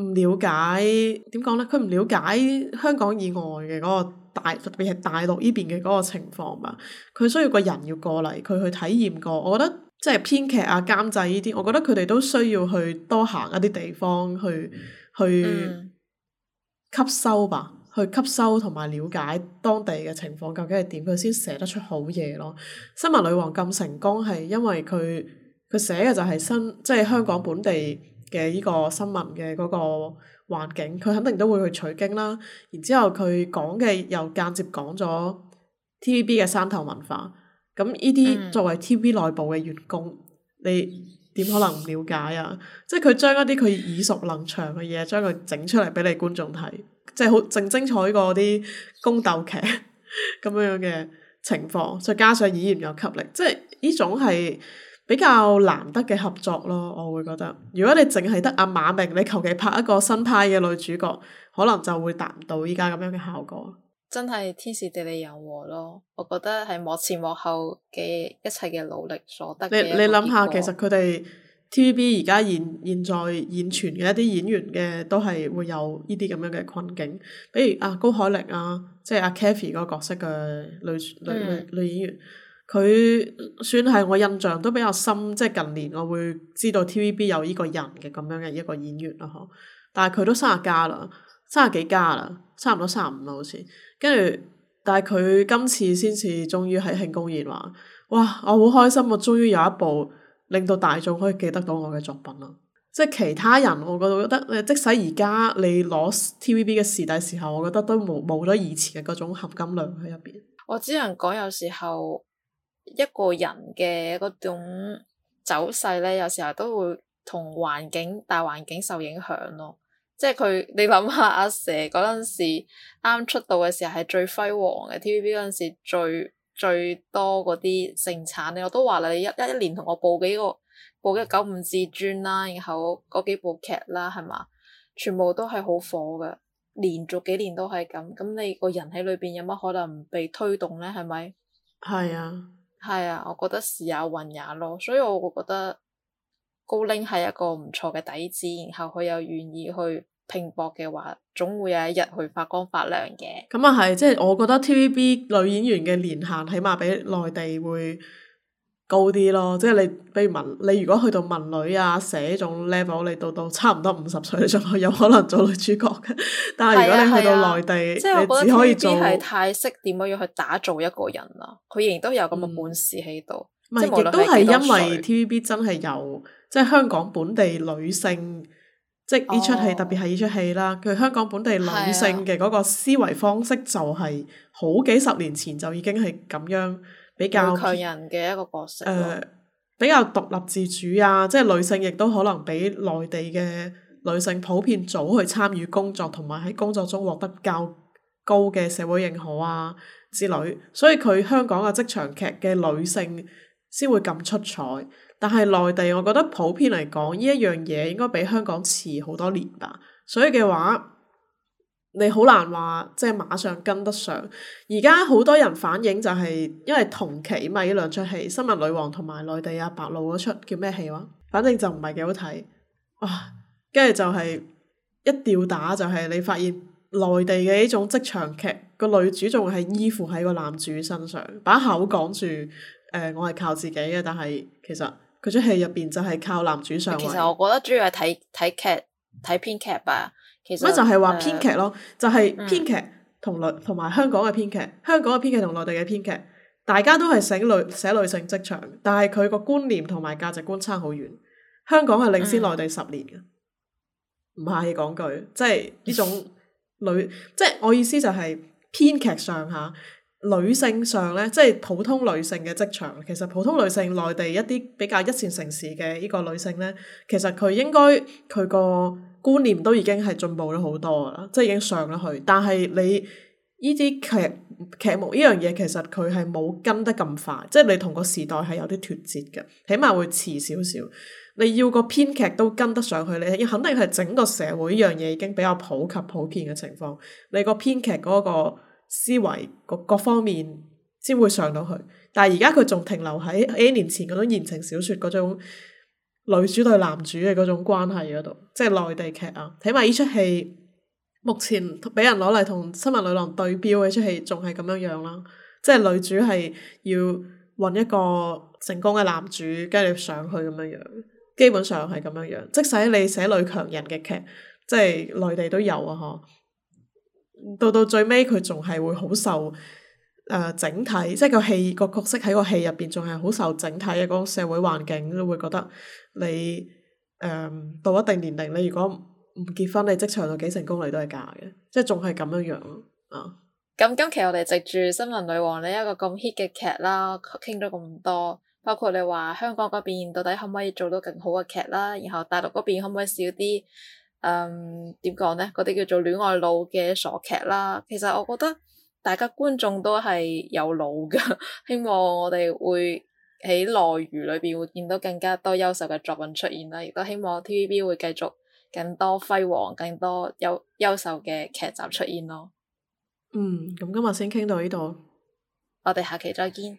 唔了解點講呢？佢唔了解香港以外嘅嗰個。大特別係大陸呢邊嘅嗰個情況吧，佢需要個人要過嚟，佢去體驗過。我覺得即係編劇啊、監製呢啲，我覺得佢哋都需要去多行一啲地方，去去吸收吧，去吸收同埋了解當地嘅情況究竟係點，佢先寫得出好嘢咯。新聞女王咁成功係因為佢佢寫嘅就係新即係香港本地。嘅呢個新聞嘅嗰個環境，佢肯定都會去取經啦。然之後佢講嘅又間接講咗 TVB 嘅山頭文化。咁呢啲作為 TVB 內部嘅員工，你點可能唔了解啊？即係佢將一啲佢耳熟能詳嘅嘢，將佢整出嚟俾你觀眾睇，即係好正，精彩過啲宮鬥劇咁樣樣嘅情況。再加上語言又吸力，即係呢種係。比較難得嘅合作咯，我會覺得如果你淨係得阿馬明，你求其拍一個新派嘅女主角，可能就會達唔到依家咁樣嘅效果。真係天時地利人和咯，我覺得係幕前幕後嘅一切嘅努力所得你。你你諗下，其實佢哋 T V B 而家現現在現存嘅一啲演員嘅都係會有呢啲咁樣嘅困境，比如阿高海寧啊，即係阿 Kathy 個角色嘅女、嗯、女女演員。佢算係我印象都比較深，即係近年我會知道 TVB 有呢個人嘅咁樣嘅一個演員咯，嗬。但係佢都三十加啦，三十幾加啦，差唔多三十五啦，好似。跟住，但係佢今次先至終於喺慶功宴話，哇！我好開心，我終於有一部令到大眾可以記得到我嘅作品咯。即係其他人，我覺得覺得，即使而家你攞 TVB 嘅視帝時候，我覺得都冇冇咗以前嘅嗰種含金量喺入邊。我只能講有時候。一個人嘅嗰種走勢咧，有時候都會同環境大環境受影響咯。即係佢，你諗下阿佘嗰陣時啱出道嘅時候係最輝煌嘅，TVB 嗰陣時最最多嗰啲盛產。我都話啦，你一一一年同我報幾個，報幾個九五至尊啦，然後嗰幾部劇啦，係嘛，全部都係好火㗎，連續幾年都係咁。咁你個人喺裏邊有乜可能唔被推動咧？係咪？係啊。係啊，我覺得時也運也咯，所以我會覺得高拎係一個唔錯嘅底子，然後佢又願意去拼搏嘅話，總會有一日去發光發亮嘅。咁啊係，即係我覺得 TVB 女演員嘅年限起碼比內地會。高啲咯，即係你，比如文，你如果去到文女啊，寫種 level，你到到差唔多五十歲，你仲可有可能做女主角嘅。但係如果你去到內地，啊啊、你只可以做。即係我覺得 T V B 係太識點樣去打造一個人啦，佢仍然都有咁嘅本事喺度。唔係、嗯，亦都係因為 T V B 真係由即係香港本地女性，哦、即係呢出戲特別係呢出戲啦。佢香港本地女性嘅嗰個思維方式就係好幾十年前就已經係咁樣。比女強人嘅一個角色，誒、呃，比較獨立自主啊，即係女性亦都可能比內地嘅女性普遍早去參與工作，同埋喺工作中獲得較高嘅社會認可啊之類，所以佢香港嘅職場劇嘅女性先會咁出彩，但係內地我覺得普遍嚟講呢一樣嘢應該比香港遲好多年吧，所以嘅話。你好難話即係馬上跟得上，而家好多人反映就係因為同期嘛，呢兩齣戲《新聞女王》同埋內地阿白露嗰齣叫咩戲話，反正就唔係幾好睇，哇！跟住就係一吊打就係你發現內地嘅呢種職場劇個女主仲係依附喺個男主身上，把口講住誒我係靠自己嘅，但係其實佢齣戲入邊就係靠男主上位。其實我覺得主要係睇睇劇睇編劇吧。乜就係話編劇咯？嗯、就係編劇同埋香港嘅編劇，香港嘅編劇同內地嘅編劇，大家都係寫女寫女性職場，但係佢個觀念同埋價值觀差好遠。香港係領先內地十年嘅，唔客氣講句，即係呢種女， 即係我意思就係編劇上下女性上呢，即係普通女性嘅職場。其實普通女性內地一啲比較一線城市嘅呢個女性呢，其實佢應該佢個。觀念都已經係進步咗好多啦，即係已經上咗去。但係你呢啲劇劇目呢樣嘢，其實佢係冇跟得咁快，即係你同個時代係有啲脫節嘅，起碼會遲少少。你要個編劇都跟得上去，你肯定係整個社會呢樣嘢已經比較普及普遍嘅情況，你個編劇嗰個思維各各方面先會上到去。但係而家佢仲停留喺 N 年前嗰種言情小說嗰種。女主對男主嘅嗰種關係嗰度，即係內地劇啊，睇埋呢出戲目前畀人攞嚟同《新聞女郎》對標嘅出戲，仲係咁樣樣啦。即係女主係要搵一個成功嘅男主跟住上去咁樣樣，基本上係咁樣樣。即使你寫女強人嘅劇，即係內地都有啊，嗬，到到最尾佢仲係會好受。誒、呃、整體，即係個戲個角色喺個戲入邊，仲係好受整體嘅嗰個社會環境會覺得你誒、呃、到一定年齡，你如果唔結婚，你職場到幾成功，你都係假嘅，即係仲係咁樣樣咯啊！咁今期我哋藉住《新聞女王》呢、這個、一個咁 hit 嘅劇啦，傾咗咁多，包括你話香港嗰邊到底可唔可以做到更好嘅劇啦？然後大陸嗰邊可唔可以少啲誒點講咧？嗰、嗯、啲叫做戀愛腦嘅傻劇啦。其實我覺得。大家觀眾都係有腦噶，希望我哋會喺內娛裏邊會見到更加多優秀嘅作品出現啦，亦都希望 TVB 會繼續更多輝煌、更多優優秀嘅劇集出現咯。嗯，咁今日先傾到呢度，我哋下期再見。